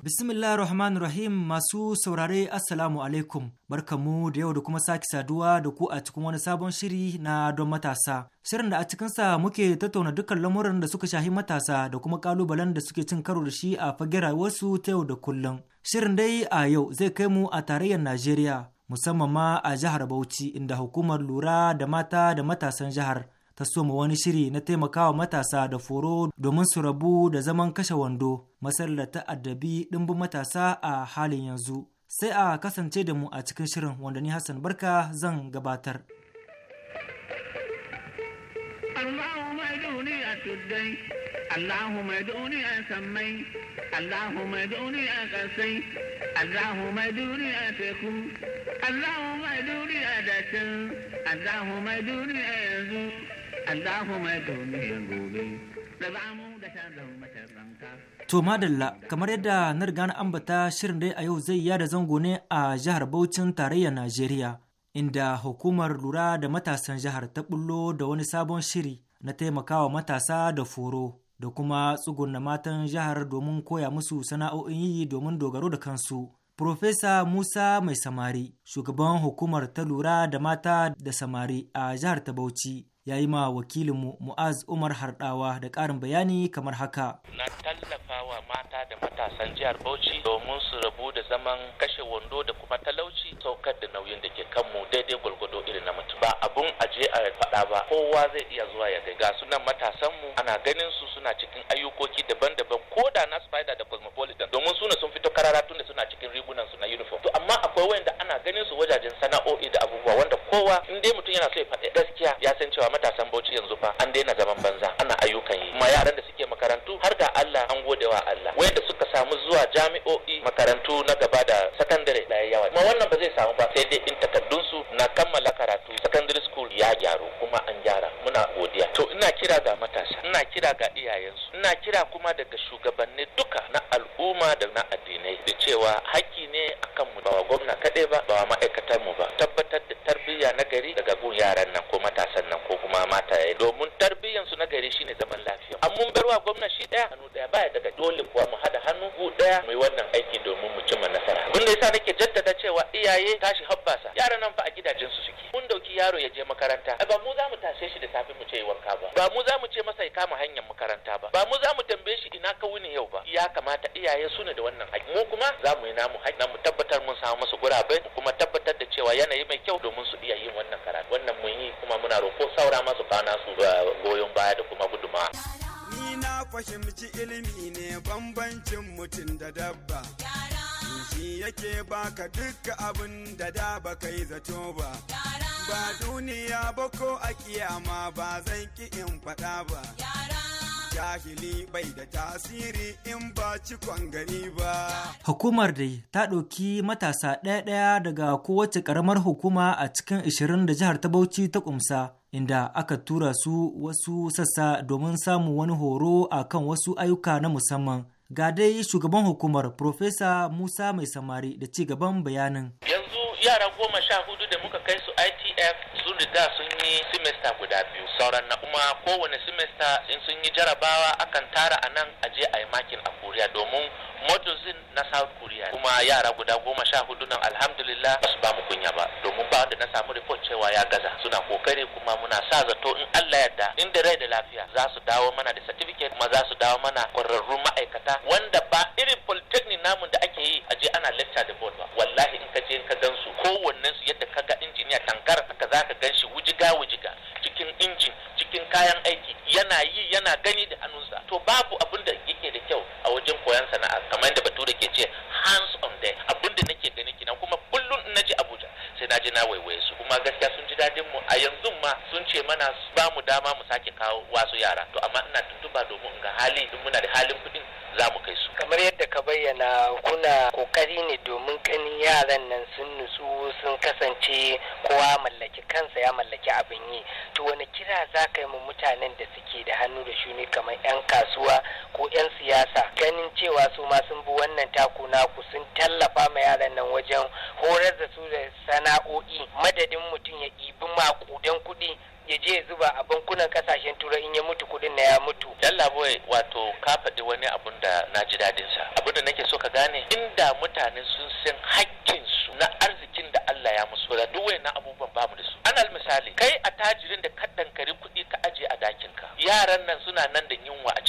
Bismillah Rahman Rahim masu saurare Assalamu alaikum barkamu da yau da kuma sake saduwa da ku a cikin wani sabon shiri na don matasa. Shirin da a cikinsa muke tattauna dukkan lamuran da suka shahi matasa da kuma kalubalen da suke cin karo da shi a fage rayuwarsu ta yau da kullum. Shirin dai a yau zai kai mu a tarayyar Najeriya musamman ma a jihar Bauchi inda hukumar lura da mata da matasan jihar ta soma wani shiri na taimakawa matasa da foro domin su rabu da zaman kashe wando matsalar ta addabi dimbin matasa a halin yanzu sai a kasance da mu a cikin shirin wanda ni Hassan Barka zan gabatar.
Allahumma اللهم ادعوني Allahumma اللهم ادعوني أقصي اللهم ادعوني أتكو اللهم ادعوني أدتو اللهم ادعوني أيزو اللهم ادعوني أنقولي
To madalla kamar yadda na riga na ambata shirin dai a yau zai yada zango ne a jihar Bauchin tarayyar Najeriya inda hukumar lura da matasan jihar ta bullo da wani sabon shiri na taimakawa matasa da foro da kuma tsugunna matan jihar domin koya musu sana'o'in yi domin dogaro da kansu. Profesa Musa Mai Samari, shugaban hukumar ta lura da mata da samari a jihar ta Bauchi, ya yi ma wakilinmu mu'az umar harɗawa da ƙarin bayani kamar haka
na tallafa
wa mata da matasan jihar bauchi domin su rabu da zaman kashe wando da kuma talauci saukar da nauyin da ke kanmu daidai gwalgwado irin na mutum ba abun aje a faɗa ba kowa zai iya zuwa ya ga sunan matasanmu ana ganin su suna cikin ayyukoki daban-daban ko da na spider da cosmopolitan domin suna sun fito karara tun da suna cikin rigunan su na uniform to amma akwai wanda ana ganin su wajajen sana'o'i da abubuwa wanda kowa in dai mutum yana so ya faɗi gaskiya ya san cewa matasan bauchi yanzu fa an daina zaman banza ana ayyukan yi kuma yaran da suke makarantu har ga Allah an gode wa Allah wanda suka samu zuwa jami'o'i makarantu na gaba da sakandare da yawa kuma wannan ba zai samu ba sai dai in takaddun su na kammala karatu secondary school ya gyaru kuma an gyara muna godiya to ina kira ga matasa ina kira ga iyayensu ina kira kuma daga shugabanni duka na al'umma da na addinai da cewa haƙƙi ne akan mu ba wa gwamna kaɗai ba ba wa ma'aikatar mu ba tabbatar da tarbiyya na gari daga gun yaran nan ko matasan nan ko kuma mata mataye domin tarbiyyan su na gari shine zaman lafiya amma mun bar wa gwamnati shi daya hannu daya baya daga dole kuwa mu hada hannu ku daya mu yi wannan aiki abin da yasa nake jaddada cewa iyaye tashi habbasa Yara nan fa a gidajen su suke mun dauki yaro ya je makaranta ba mu za mu tashe shi da safe mu ce yi wanka ba ba mu za mu ce masa ya kama hanyar makaranta ba ba mu za mu tambaye shi ina ka wuni yau ba ya kamata iyaye su ne da wannan haƙƙi mu kuma za mu yi namu haƙƙi mu tabbatar mun samu masu gurabe mu kuma tabbatar da cewa yanayi mai kyau domin su iya yin wannan karatu wannan mun yi kuma muna roƙo saura masu kana su eh, goyon baya da kuma guduma.
Ni na fahimci ilimi ne bambancin mutum da dabba. yake baka dukka abin da da baka yi zato ba ba duniya ba ko a kiyama ba zan ki in faɗa ba jahili bai da tasiri in ba cikon gani ba
hukumar dai ta ɗauki matasa ɗaya-ɗaya daga kowace ƙaramar hukuma a cikin ishirin da jihar ta bauchi ta ƙumsa inda aka tura su wasu sassa domin samun wani horo a kan wasu ayyuka na musamman ga dai shugaban hukumar Profesa Musa Mai Samari da ci gaban bayanin.
Yanzu yara goma sha hudu da muka kai su ITF da sun yi simesta guda biyu sauran na kuma kowane simesta in sun yi jarabawa akan tara a nan a je a yi makin a koriya domin modozin na south korea kuma yara guda goma sha hudu nan alhamdulillah ba su ba mu kunya ba domin ba wanda na samu report cewa ya gaza suna kokari kuma muna sa zato in allah yarda da rai da lafiya za su dawo mana da certificate kuma za su dawo mana kwararrun ma'aikata wanda ba irin polytechnic namun da ake yi a je ana lecture da board ba wallahi in ka je in ka gansu. su kowannen su yadda ka ga injiniya tankar haka za ka gan wujiga wujiga cikin injin cikin kayan aiki yana yi yana gani da hannunsa to babu abin da yake da kyau a wajen koyon sana'a kamar yadda bature ke ce hands on day abin da nake gani kina kuma kullum in ji Abuja sai na ji na waiwaye su kuma gaskiya sun ji dadin mu a yanzu ma sun ce mana ba mu dama mu sake kawo wasu yara to amma ina tuntuba domin in ga hali in muna da halin kuɗin za mu kai su
kamar yadda ka bayyana kuna kokari ne domin ganin yaran nan sun nutsu sun kasance kowa mallaki kansa ya mallaki abin yi to wani kira za ka yi mu mutanen da suke da hannu da shuni kamar 'yan kasuwa ko 'yan siyasa ganin cewa su ma sun bi wannan taku naku sun tallafa ma yaran nan wajen horar da su da sana'o'i madadin mutum ya ibi makudan kuɗi ya je zuba
a bankunan kasashen turai in ya mutu kudin na ya mutu lalla boy wato ka faɗi wani abun da
na ji dadin sa abun da nake so ka gane inda mutane sun san hakkin su na arzikin da Allah ya musu da duk wayannan abubuwan babu da su anal misali kai a tajirin da ka dankari kuɗi ka aje a dakin ka yaran nan suna nan da yunwa a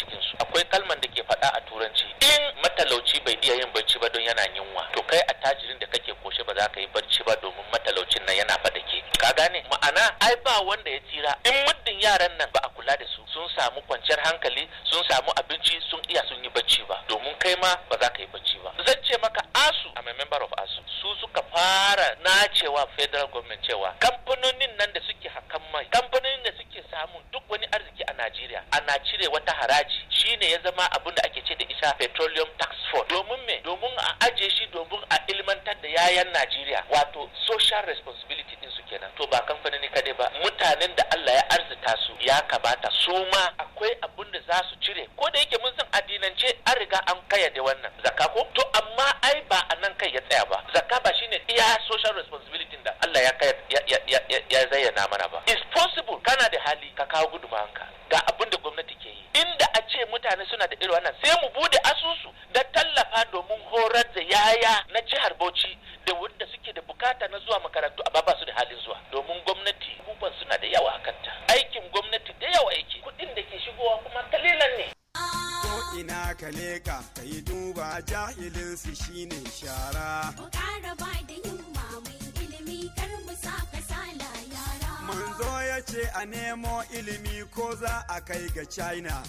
china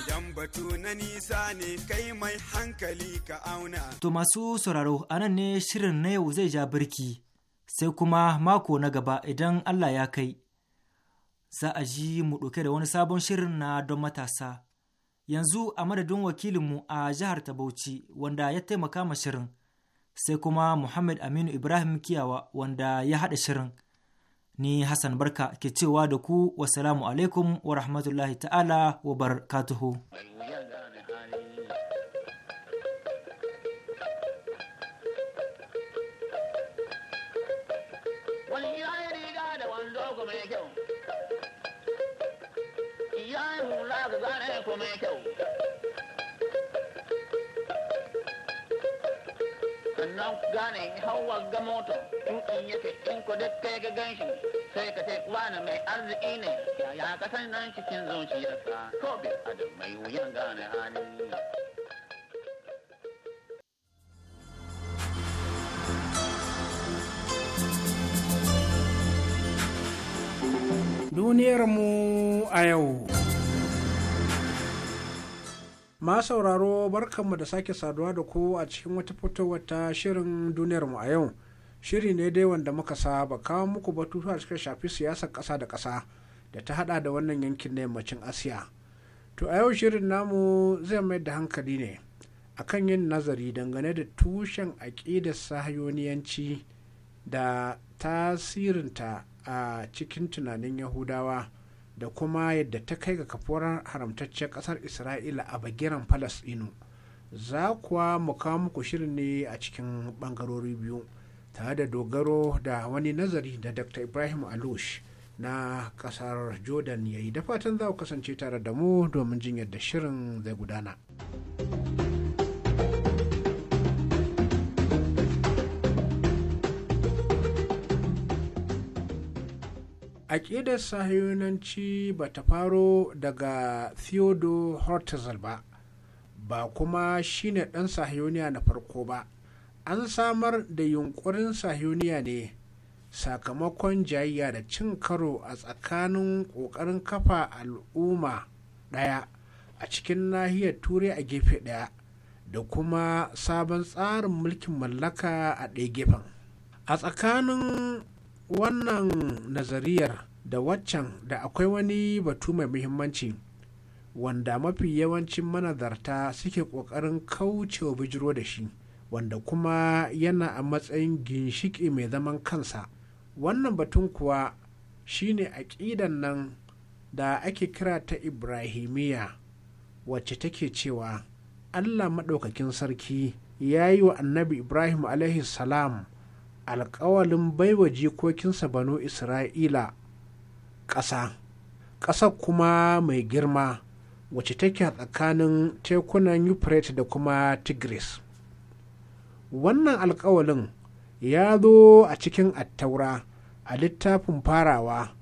Idan batu na nisa ne kai mai hankali ka auna.
To masu sauraro a nan ne shirin na yau zai ja birki sai kuma mako na gaba idan Allah ya kai. Za a ji mu ɗauke da wani sabon shirin na don matasa. Yanzu a madadin wakilinmu a jihar ta Bauchi wanda ya taimaka ma shirin, sai kuma Muhammad Aminu Ibrahim Kiyawa wanda ya haɗa shirin. ni Hassan Barka ke cewa da ku wasalamu alaikum wa rahmatullahi ta'ala wa barakatuhu.
Ya hula ga zane ko mai kyau.
sannan gane hawa ga
mota tukan yake in ku duk kai ga ganshi sai ka ce wani mai arziki ne ya ka san nan cikin zuciyarsa ko bi adam mai wuyan gane
duniyar Duniyarmu a yau. ma sauraro barkanmu da sake saduwa da ku a cikin wata fitowar ta shirin duniyarmu a yau shiri ne dai wanda muka saba kawo muku a cikin shafi siyasar ƙasa da ƙasa da ta hada da wannan yankin na yammacin asiya to a yau shirin namu zai mai da hankali ne akan yin nazari dangane da tushen aƙidar sahayoniyanci da tasirinta a cikin tunanin yahudawa da kuma yadda ta kai ga kafuwar haramtaccen ƙasar isra'ila a bagiran falasɗinu za kuwa mu kawo muku shirin ne a cikin ɓangarori biyu tare da dogaro da wani nazari da dr ibrahim alush na ƙasar jordan ya yi da fatan za ku kasance tare da mu domin jin yadda shirin zai gudana. aƙidar sahiyonanci ba ta faro daga theodore hortzel ba ba kuma shine ɗan sahiyoniya na farko ba an samar da yunkurin sahiyoniya ne sakamakon jayayya da cin karo a tsakanin ƙoƙarin kafa al'umma ɗaya a cikin nahiyar turai a gefe ɗaya da kuma sabon tsarin mulkin mallaka a ɗaya gefen a tsakanin wannan nazariyar da waccan da akwai wani batu mai muhimmanci wanda mafi yawancin manazarta suke ƙoƙarin kaucewa bijiro da shi wanda kuma yana a matsayin ginshiƙi mai zaman kansa wannan batun kuwa shine aƙidan nan da ake kira ta ibrahimiyya wacce take cewa allah maɗaukakin sarki ya yi wa annabi ibrahim salam alkawalin baiwa jikokinsa banu isra'ila ƙasa ƙasa kuma mai girma wacce take tsakanin tekunan euphrates da kuma tigris wannan alkawalin ya zo a cikin attaura a littafin farawa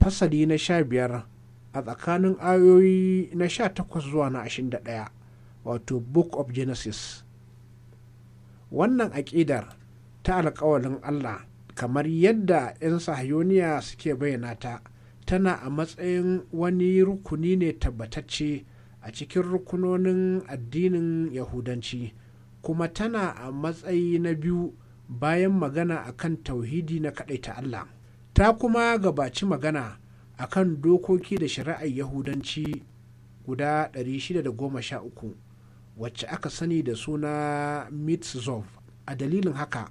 fasali na sha biyar a tsakanin ayoyi na sha takwas zuwa na ashirin da ɗaya wato book of genesis wannan aƙidar ta alkawalin Allah kamar yadda 'yan sahayoniya suke bayyana ta tana a matsayin wani rukuni ne tabbatacce a cikin rukunonin addinin yahudanci kuma tana a matsayi na biyu bayan magana akan tauhidi na ta Allah ta kuma gabaci magana akan dokoki da shari'ar yahudanci guda 613 wacce aka sani da suna mitzvot a dalilin haka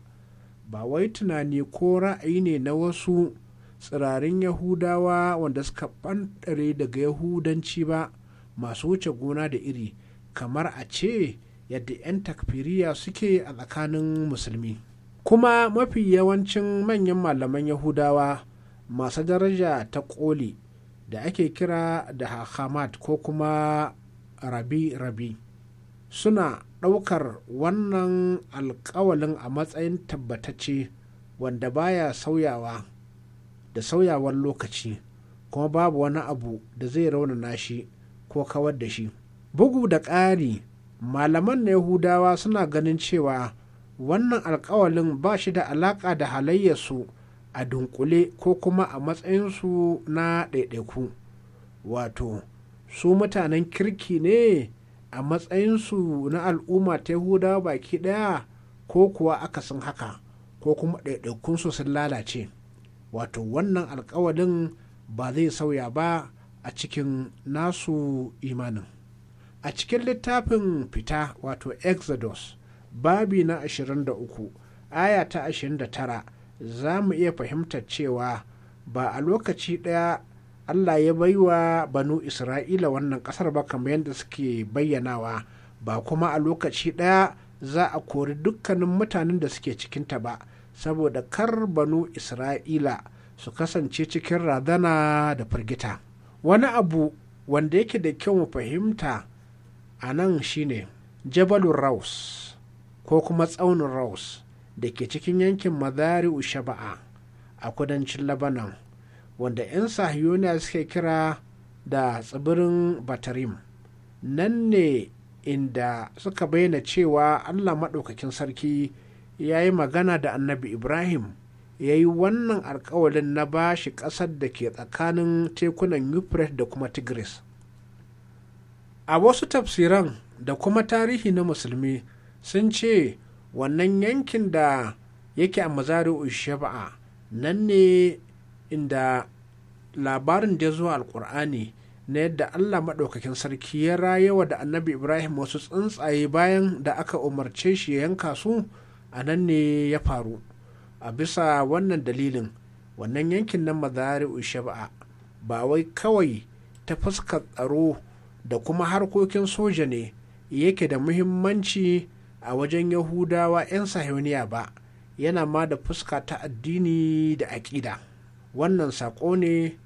ba wai tunani ko ra'ayi ne na wasu tsirarin yahudawa wanda suka ɓantare daga yahudanci ba masu wuce gona da iri kamar a ce yadda 'yan takfiriya suke a tsakanin musulmi kuma mafi yawancin manyan malaman yahudawa masu daraja ta koli da ake kira da hamad ko kuma rabi-rabi suna ɗaukar wannan alkawalin a matsayin tabbatacce wanda baya sauyawa da sauyawar lokaci kuma babu wani abu da zai raunana shi ko kawar da shi bugu da ƙari malaman na yahudawa suna ganin cewa wannan alkawalin ba shi da alaƙa da halayyarsu a dunkule ko kuma a matsayinsu na ɗaiɗaiku wato su mutanen kirki ne a matsayinsu na al'umma ta huda baki ɗaya ko kuwa akasin haka ko kuma ɗaiɗaikunsu sun lalace wato wannan alkawalin ba zai sauya ba a cikin nasu imanin a cikin littafin fita wato exodus babi na 23 aya ta 29 za mu iya fahimtar cewa ba a lokaci ɗaya allah ya bai wa banu isra'ila wannan ƙasar ba kamar yadda suke bayyanawa ba kuma a lokaci ɗaya za a kori dukkanin mutanen da suke cikinta ba saboda kar banu isra'ila su kasance cikin radana da firgita wani abu wanda yake da kyau mu fahimta a nan shine jabalun raus ko kuma tsaunin raus da ke cikin yankin mazari'u shaba'a a kudancin labanan wanda 'yan sahiyoniya suke kira da tsibirin batarim nan ne inda suka bayyana cewa allah maɗaukakin sarki ya yi magana da annabi ibrahim ya yi wannan alkawalin na ba shi ƙasar da ke tsakanin tekunan euphrates da kuma tigris a wasu tafsiran da kuma tarihi na musulmi sun ce wannan yankin da yake a mazari'u shaba'a nan ne inda labarin da ya zuwa alkur'ani na yadda allah maɗaukakin sarki ya rayewa da annabi ibrahim wasu tsuntsaye bayan da aka umarce shi ya yanka su a nan ne ya faru a bisa wannan dalilin wannan yankin na mazari shaba'a ba wai kawai ta fuskar tsaro da kuma harkokin soja ne yake da muhimmanci a wajen yahudawa 'yan sahiyoniya ba yana ma da fuska ta addini da aƙida. wannan saƙo ne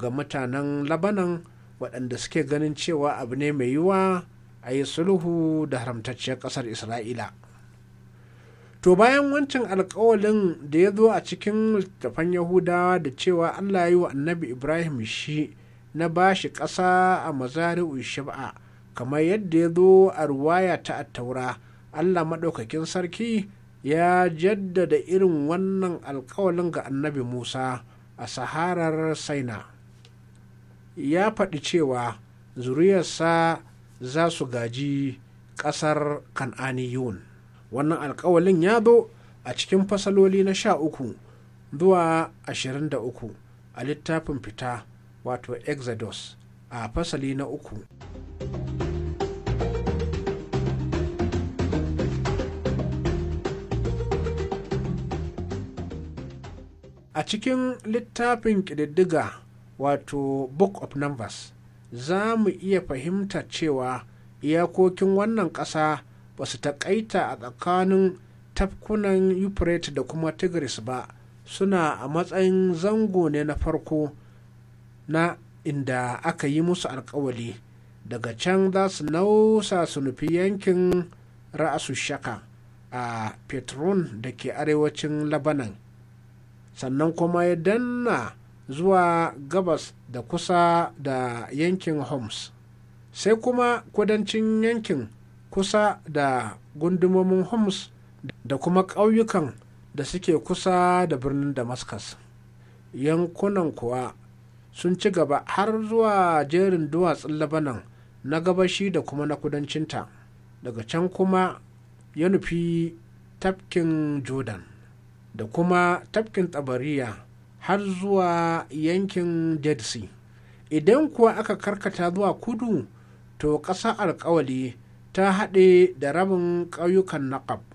ga mutanen labanan waɗanda suke ganin cewa abu ne mai yiwa a yi sulhu da haramtacciyar ƙasar isra'ila to bayan wancan alkawalin da ya zo a cikin littattafan yahudawa da cewa allah yi wa annabi ibrahim shi na ba shi ƙasa a mazari'u shab'a kamar yadda ya zo a ruwaya ta attaura allah maɗaukakin sarki ya jaddada irin wannan alkawalin ga annabi musa a saharar saina ya faɗi cewa zuriyarsa za su gaji ƙasar kan'aniyun wannan alkawalin ya zo a cikin fasaloli na sha uku zuwa ashirin da uku a littafin fita wato exodus a fasali na uku. a cikin littafin ƙididdiga wato book of numbers za mu iya fahimta cewa iyakokin wannan ƙasa ba su taƙaita a tsakanin tafkunan euphrates da kuma tigris ba suna a matsayin zango ne na farko na inda aka yi musu alkawali daga can za su nausa su nufi yankin ra'asu shaka a petron da ke arewacin labanan sannan kuma ya danna zuwa gabas da kusa da yankin homs sai kuma kudancin yankin kusa da gundumomin homs da kuma ƙauyukan da suke kusa da birnin damascus yankunan kuwa sun ci gaba har zuwa jerin duwatsun labanan na gabashi da kuma na kudancinta daga can kuma ya nufi tafkin jordan da kuma tafkin tsabariya har zuwa yankin dead sea idan kuwa aka karkata zuwa kudu to ƙasa alkawali ta haɗe da rabin ƙauyukan naƙab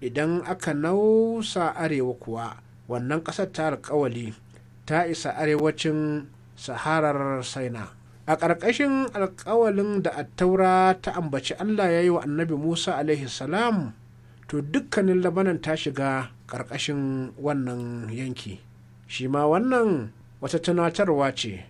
idan aka nausa arewa kuwa wannan ƙasar ta alkawali ta isa arewacin saharar saina a ƙarƙashin alkawalin da attaura ta ambaci allah ya yi wa annabi musa alaihi salam to dukkanin labanan ta shiga ƙarƙashin wannan yanki shi ma wannan wata tunatarwa ce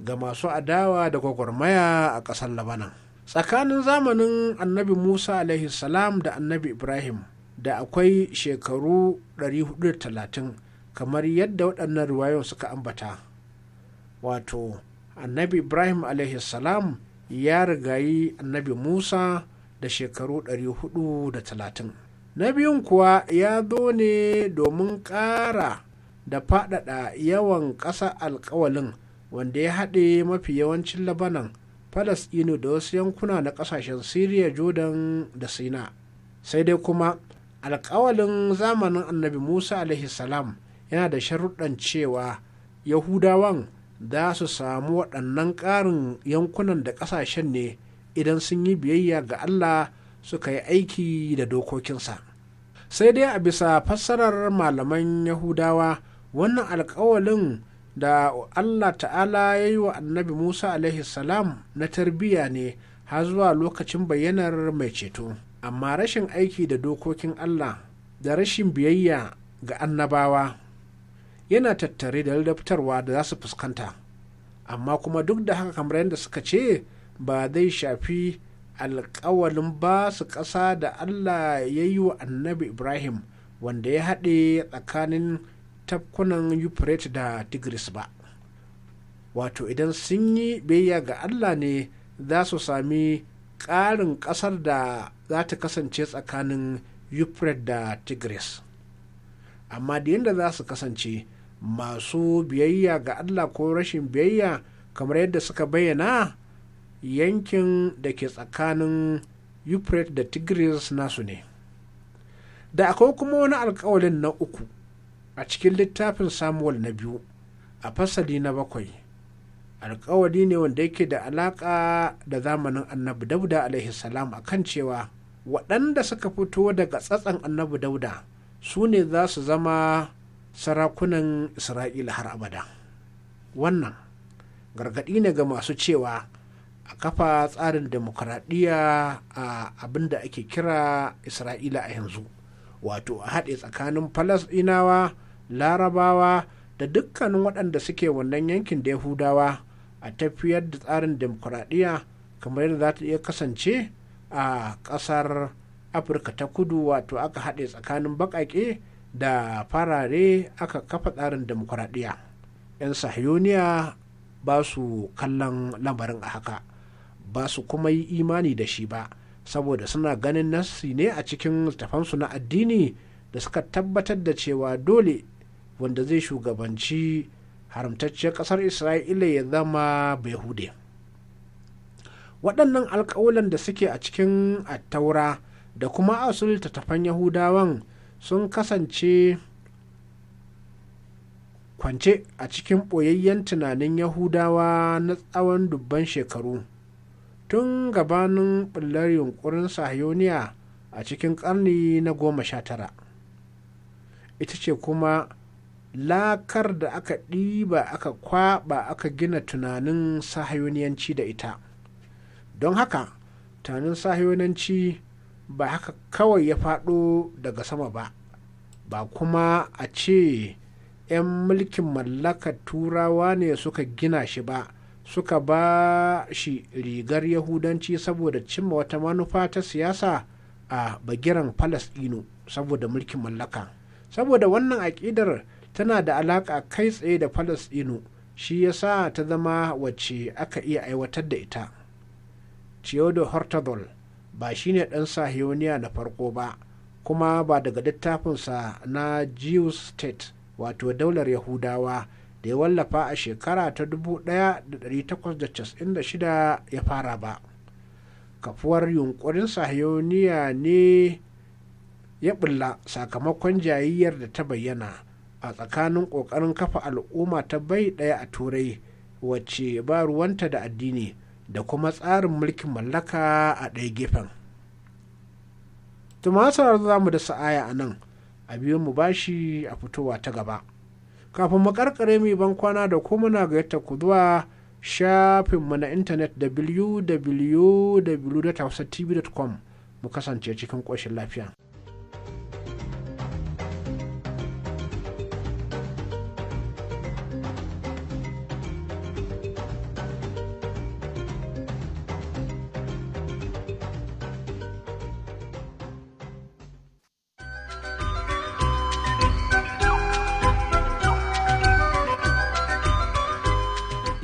ga masu adawa da gwagwarmaya a ƙasar labanan tsakanin zamanin annabi musa salam da annabi ibrahim da akwai shekaru 430 kamar yadda waɗannan riwayoyin suka ambata wato annabi ibrahim salam ya rigayi annabi musa da shekaru 430 na biyun kuwa ya zo ne domin ƙara da faɗaɗa yawan ƙasa alkawalin wanda ya haɗe mafi yawancin labanan falasɗinu da wasu yankuna na ƙasashen siriya jordan da sina sai dai kuma alkawalin zamanin annabi musa salam yana da sharuɗan cewa yahudawan za su samu waɗannan ƙarin yankunan da ƙasashen ne idan sun yi biyayya ga allah suka yi aiki da dokokinsa sai dai a bisa fassarar malaman yahudawa wannan alkawalin da allah ta'ala ya yi wa annabi musa alaihi salam na tarbiyya ne har zuwa lokacin bayyanar mai ceto amma rashin aiki da dokokin allah da rashin biyayya ga annabawa yana tattare da ladabtarwa da za su fuskanta amma kuma duk da haka kamar yadda suka ce ba zai shafi alkawalin ba su ƙasa da allah ya yi wa annabi ibrahim wanda ya haɗe tsakanin tafkunan euphrates da tigris ba wato idan sun yi biyayya ga allah ne za su sami ƙarin ƙasar da za ta kasance tsakanin euphrates da tigris amma da yadda za su kasance masu biyayya ga allah ko rashin biyayya kamar yadda suka bayyana yankin da ke tsakanin euphrates da tigris nasu ne da akwai kuma wani alkawalin na uku a cikin littafin samuel na biyu a fasali na bakwai alkawali ne wanda yake da alaka da zamanin annabi dauda alaihi salam a kan cewa waɗanda suka fito daga tsatsan annabi dauda su ne za su zama sarakunan isra'ila har abada wannan gargaɗi ne ga masu cewa a kafa tsarin demokuraɗiyya a abin da ake kira isra'ila a yanzu wato a haɗe tsakanin falasɗinawa larabawa da dukkanin waɗanda suke wannan yankin da yahudawa a tafiyar da tsarin demokuraɗiyya kamar yadda za ta iya kasance a ƙasar afirka ta kudu wato aka haɗe tsakanin baƙaƙe da farare aka kafa tsarin demokuraɗiyya 'yan sahiyoniya ba su kallon lamarin a haka ba su kuma yi imani da shi ba saboda suna ganin nasi ne a cikin littafansu na addini da suka tabbatar da cewa dole wanda zai shugabanci haramtacciyar ƙasar isra'ila ya zama behude waɗannan alƙawulan da suke a cikin attaura da kuma asul littattafan yahudawan sun kasance kwance a cikin ɓoyayyen tunanin yahudawa na tsawon dubban shekaru tun gabanin ɓullar yunkurin sahayoniya a cikin ƙarni na goma sha tara ita ce kuma lakar da aka ɗiba aka kwaɓa aka gina tunanin sahayoniyanci da ita don haka tunanin sahayoniyanci ba haka kawai ya faɗo daga sama ba ba kuma a ce 'yan mulkin mallakar turawa ne suka gina shi ba suka ba shi rigar yahudanci saboda cimma wata manufa ta siyasa a bagiran falasdino saboda mulkin mallaka saboda wannan aƙidar tana da alaƙa kai tsaye da falasdino shi ya sa ta zama wacce aka iya aiwatar da ita Ciodo hortadol ba shine ɗan sahioniya na farko ba kuma ba daga littafinsa na jew state wato daular yahudawa da ya wallafa a shekara ta 1896 ya fara ba kafuwar yunkurin sahiyoniya ne ya bulla sakamakon jayayyar da ta bayyana a tsakanin ƙoƙarin kafa al'umma ta bai ɗaya a turai wacce ba ruwanta da addini da kuma tsarin mulkin mallaka a ɗaya gefen tumasar za mu da sa'aya a nan a biyu mu bashi a fitowa ta gaba kafin mu karkare mai ban kwana da ko muna gayyata ku zuwa shafinmu na intanet www.hausatv.com mu kasance cikin ƙoshin lafiya.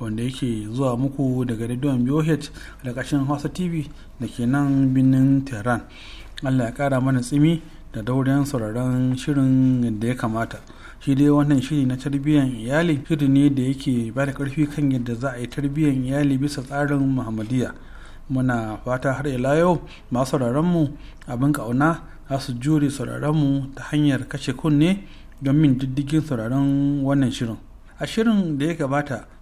wanda yake zuwa muku daga rediyon BOH da kashin Hausa TV da ke nan birnin Tehran. Allah ya kara mana tsimi da daurin sauraron shirin da ya kamata. Shi dai wannan shiri na tarbiyyar iyali shiri ne da yake ba da karfi kan yadda za a yi tarbiyyar iyali bisa tsarin Muhammadiyya. Muna fata har ila yau sauraron mu abin kauna za su jure sauraron mu ta hanyar kashe kunne don min diddigin sauraron wannan shirin. A shirin da ya gabata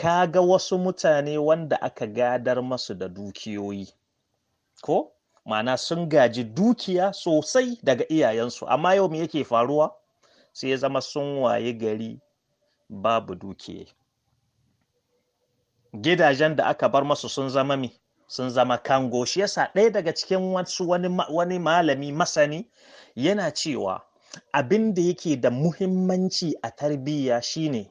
ka ga wasu mutane wanda aka gadar masu da dukiyoyi ko mana sun gaji dukiya sosai daga iyayensu amma yau me yake faruwa sai ya zama sun waye gari babu dukiya gidajen da aka bar masu sun zama mi sun zama kango shi yasa ɗaya daga cikin wasu wani, wani malami masani yana cewa abin da yake da muhimmanci a tarbiyya shine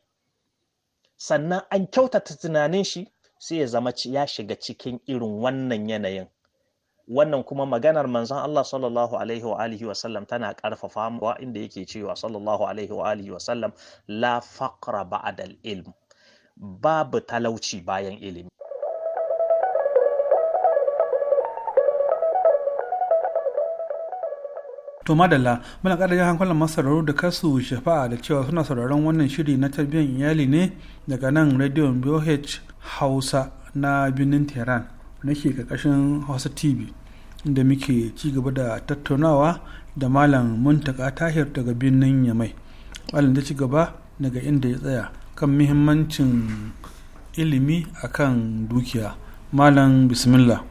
sannan an kyautata tunanin shi sai ya zama ya shiga cikin irin wannan yanayin wannan kuma maganar manzon Allah sallallahu alaihi wa alihi wa sallam tana karfafa wa inda yake cewa sallallahu alaihi wa alihi wa sallam la faqra ba'da ilm babu talauci bayan ilimi
To madalla muna ƙara jan hankalin masararru da kasu shafa'a da cewa suna sauraron wannan shiri na tarbiyyar iyali ne daga nan rediyon BOH Hausa na birnin Tehran na ke ƙarƙashin Hausa TV inda muke ci gaba da tattaunawa da Malam Muntaka Tahir daga birnin Yamai. Malam ta ci gaba daga inda ya tsaya kan muhimmancin ilimi akan dukiya. Malam Bismillah.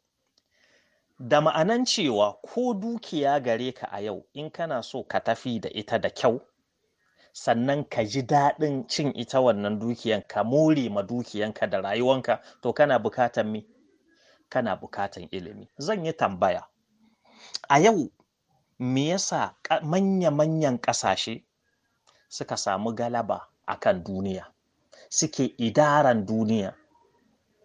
da ma'anan cewa ko dukiya gare ka a yau in kana so ka tafi da ita da kyau sannan ka ji daɗin cin ita wannan dukiyan ka more ma dukiyanka da rayuwanka to kana bukatan me kana bukatan ilimi zan yi tambaya a yau me yasa manya-manyan ƙasashe suka samu galaba akan duniya suke idaran duniya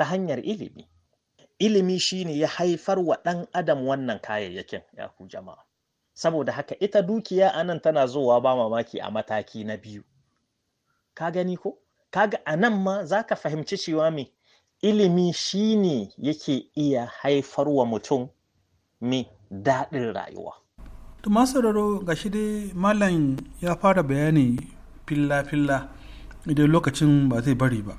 ta hanyar ilimi ilimi shine ya haifar wa ɗan adam wannan kayayyakin ya ku jama'a saboda haka ita dukiya a nan tana zuwa ba mamaki a mataki na biyu ka gani ko kaga a nan ma za ka fahimci cewa me ilimi ne yake iya haifar wa mutum me daɗin rayuwa
to masu ga shi dai malam ya fara bayani filla-filla idan lokacin ba zai bari ba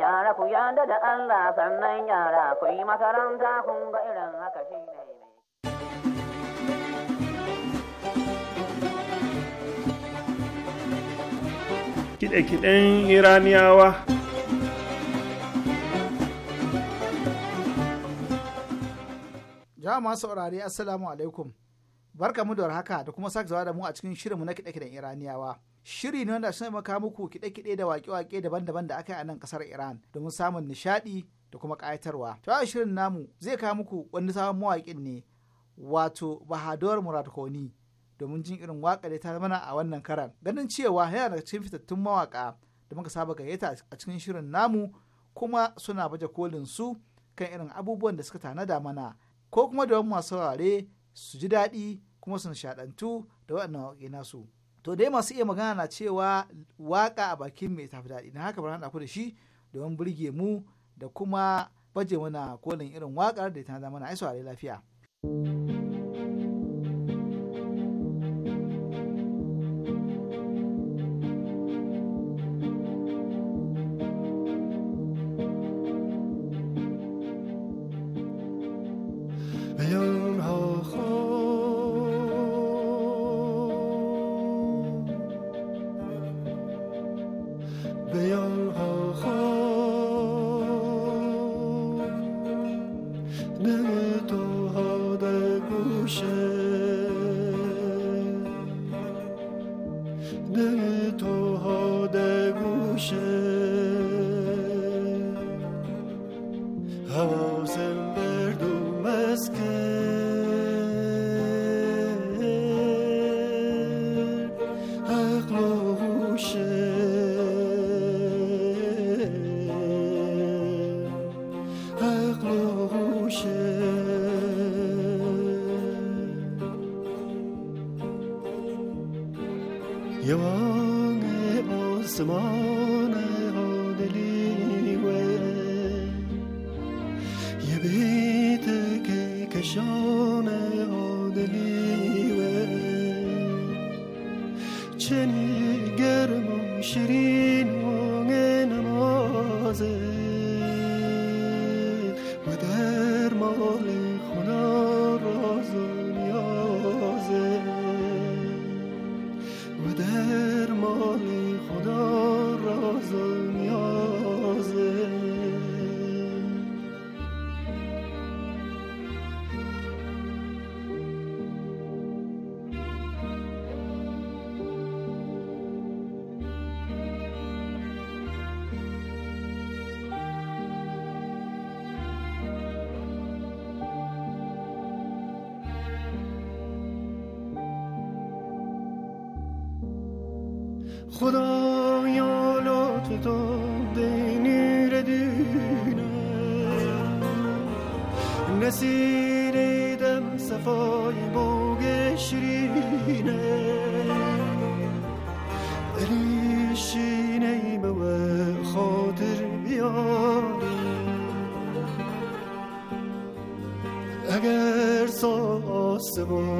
Yara ku yada da Allah sannan yara ku yi makaranta
kun ga irin haka shi ne.
Kiɗe-kiɗen
Iraniyawa
masu saurari Assalamu alaikum. Barka mu da warhaka da kuma sake zuwa da mu a cikin shirinmu na kiɗe-kiɗen Iraniyawa. shiri ne wanda sun maka muku kiɗe-kiɗe da wake-wake daban-daban da aka yi a nan ƙasar Iran domin samun nishaɗi da kuma ƙayatarwa. To a shirin namu zai kawo muku wani sabon mawaƙin ne wato Bahadur Murad Koni domin jin irin waƙa da ta mana a wannan karan. Ganin cewa yana daga cikin fitattun mawaƙa da muka saba gayyata a cikin shirin namu kuma suna baje kolin su kan irin abubuwan da suka tanada mana ko kuma wani masu saurare su ji daɗi kuma su nishaɗantu da waɗannan waƙe nasu. to dai masu iya magana na cewa waka a bakin mai tafi daɗi na haka haɗa ku da shi domin burge mu da kuma baje mana kolin irin wakar da ta zama na a lafiya. Mm -hmm.
یا لطف تو دینیر دینم نسیریدم صفای بوگ شیرینه ولی شینه به خاطر بیاد اگر سا آسمان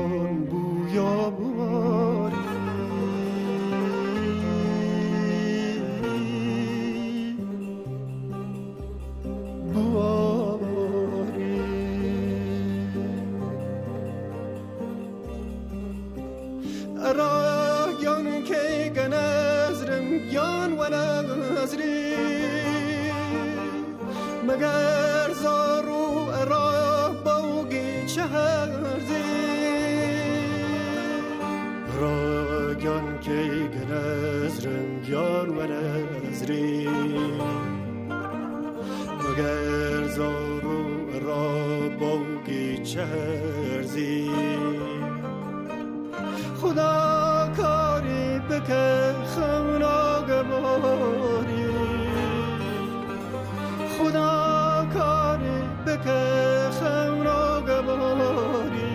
که خم ناگواری خدا کاری بکه خم ناگواری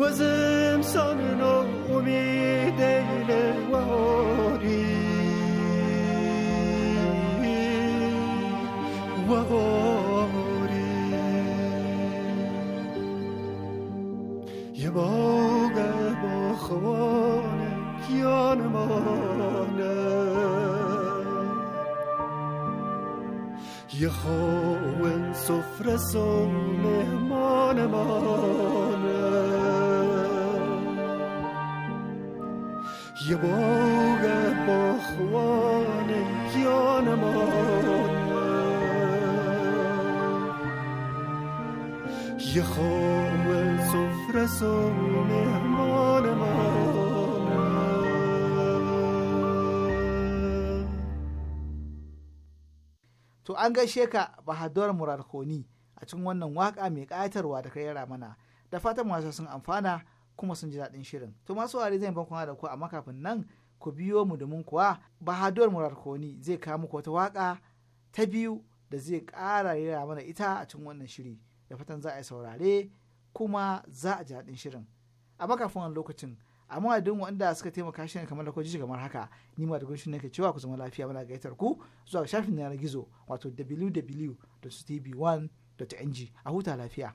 وزم سان نو امید واری واری Yehoven sofre son mehmane mane Yeboge pochvane yone mone Yehoven sofre son mehmane mane
to an gaishe ka bahadur murar koni a cikin wannan waka mai kayatarwa da kai mana da fatan masu sun amfana kuma sun ji daɗin shirin to masu wari zan ban kwana da ku a makafin nan ku biyo mu domin kuwa bahadur murar koni zai kawo muku wata waka ta biyu da zai ƙara rera mana ita a cikin wannan shiri da fatan za a yi saurare kuma za a ji daɗin shirin a makafin lokacin amma a duk wanda suka taimaka shi ne kamar jiji kamar haka ni ma da gunshin ka cewa ku zama lafiya muna gaitar ku zuwa shafin yanar gizo wato www.tv1.ng a huta lafiya.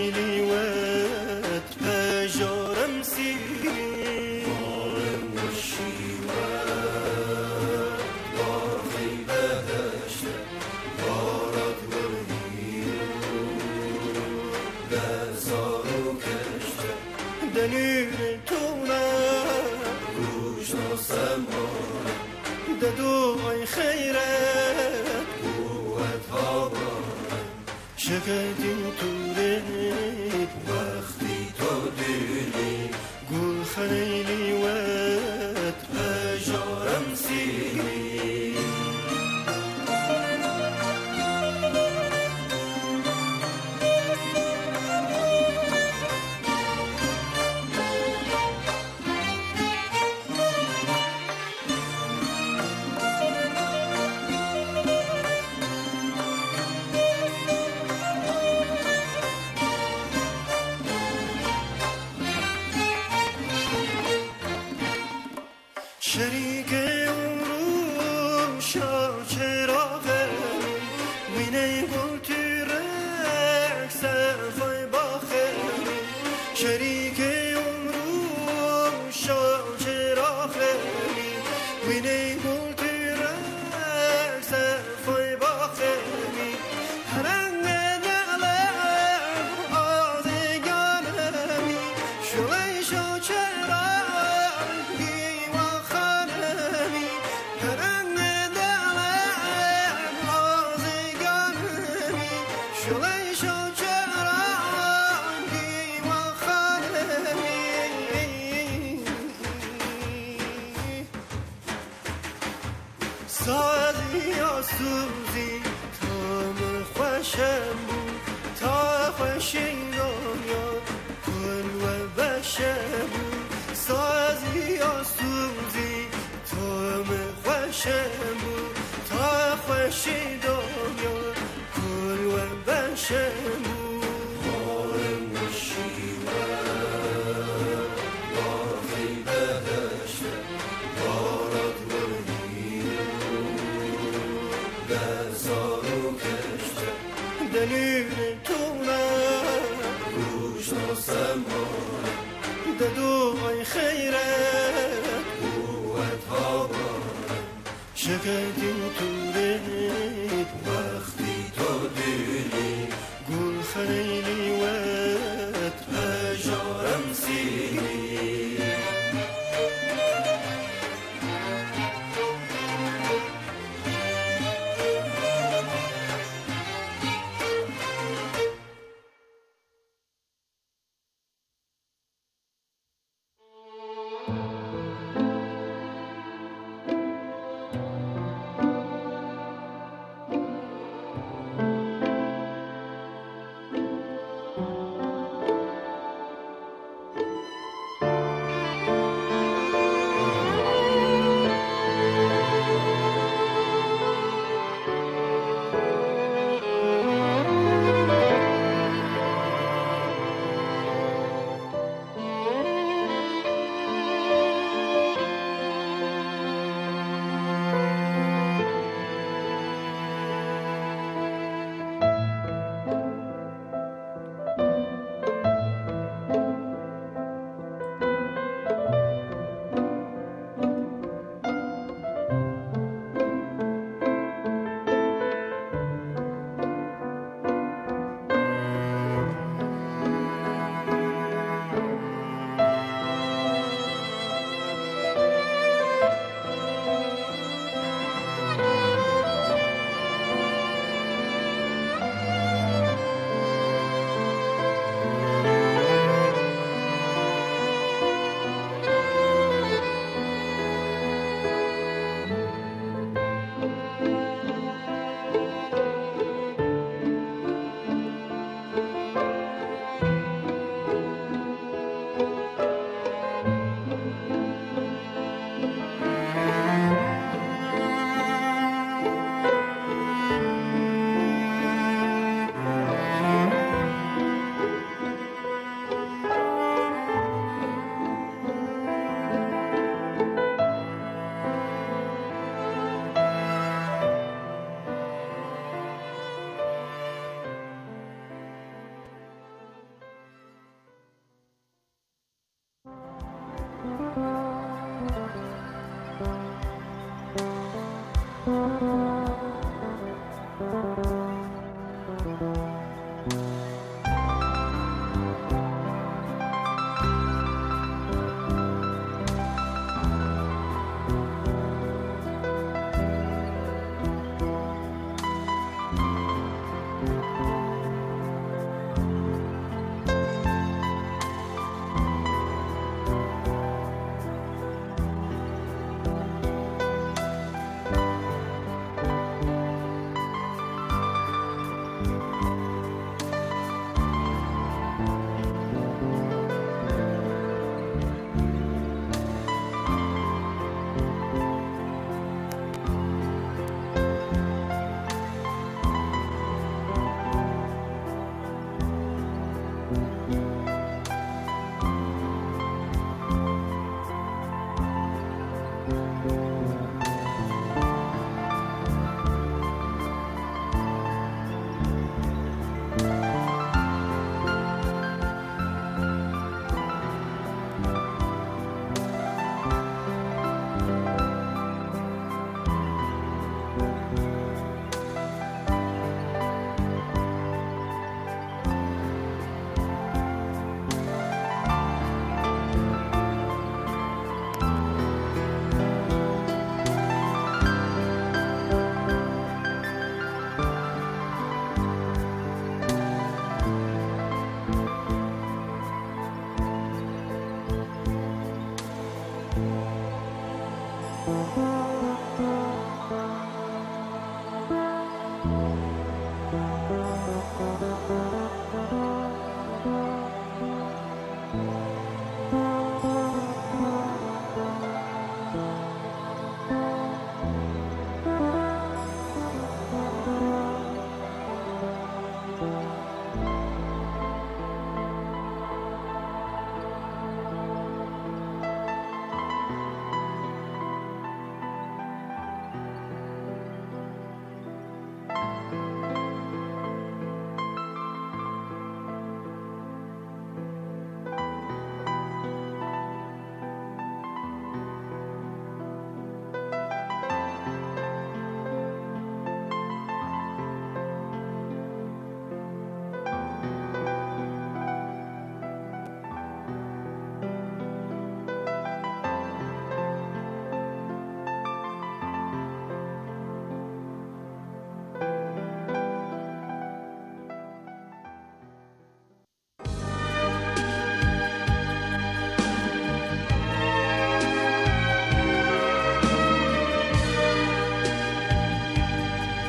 دوي خيرك قوة هابا شكيت انتم